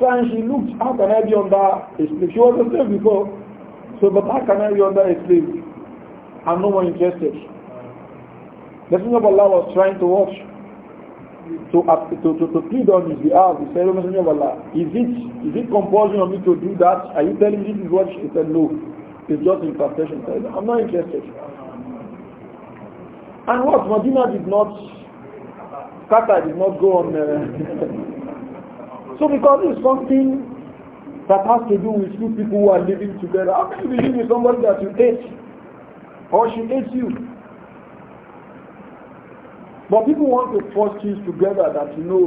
So and she looked, how can I be under a slave? She was a slave before. So but how can I be under a slave? I'm no more interested. The Messenger of Allah was trying to watch to, uh, to, to, to plead on his behalf. He said, oh, Messenger of Allah, is it, is it compulsion on me to do that? Are you telling me this is what she said? No. It's just impartation. Said, I'm not interested. And what? Medina did not, Qatar did not go on uh, So because it's something that has to do with two people who are living together, how can you live with somebody that you hate? Or she hates you? But people want to force things together that you know,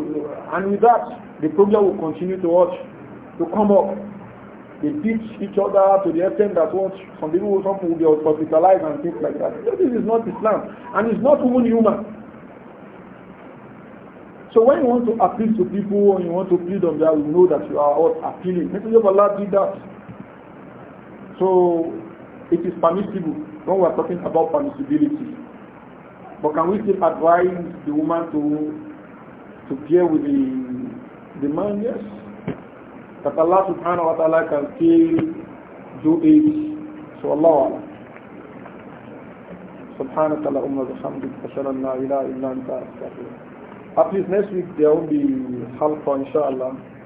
and with that, the problem will continue to watch, to come up. They teach each other to the extent that what some people, some will be hospitalized and things like that. This is not Islam, and it's not even human. So when you want to appeal to people and you want to plead on them, you know that you are all appealing. Messenger of Allah did that. So it is permissible when we are talking about permissibility. But can we still advise the woman to to bear with the the man? Yes. That Allah subhanahu wa ta'ala can still do it. So Allah سبحانك اللهم وبحمدك اشهد ان لا اله الا انت استغفرك at least next week there will be halqa inshallah.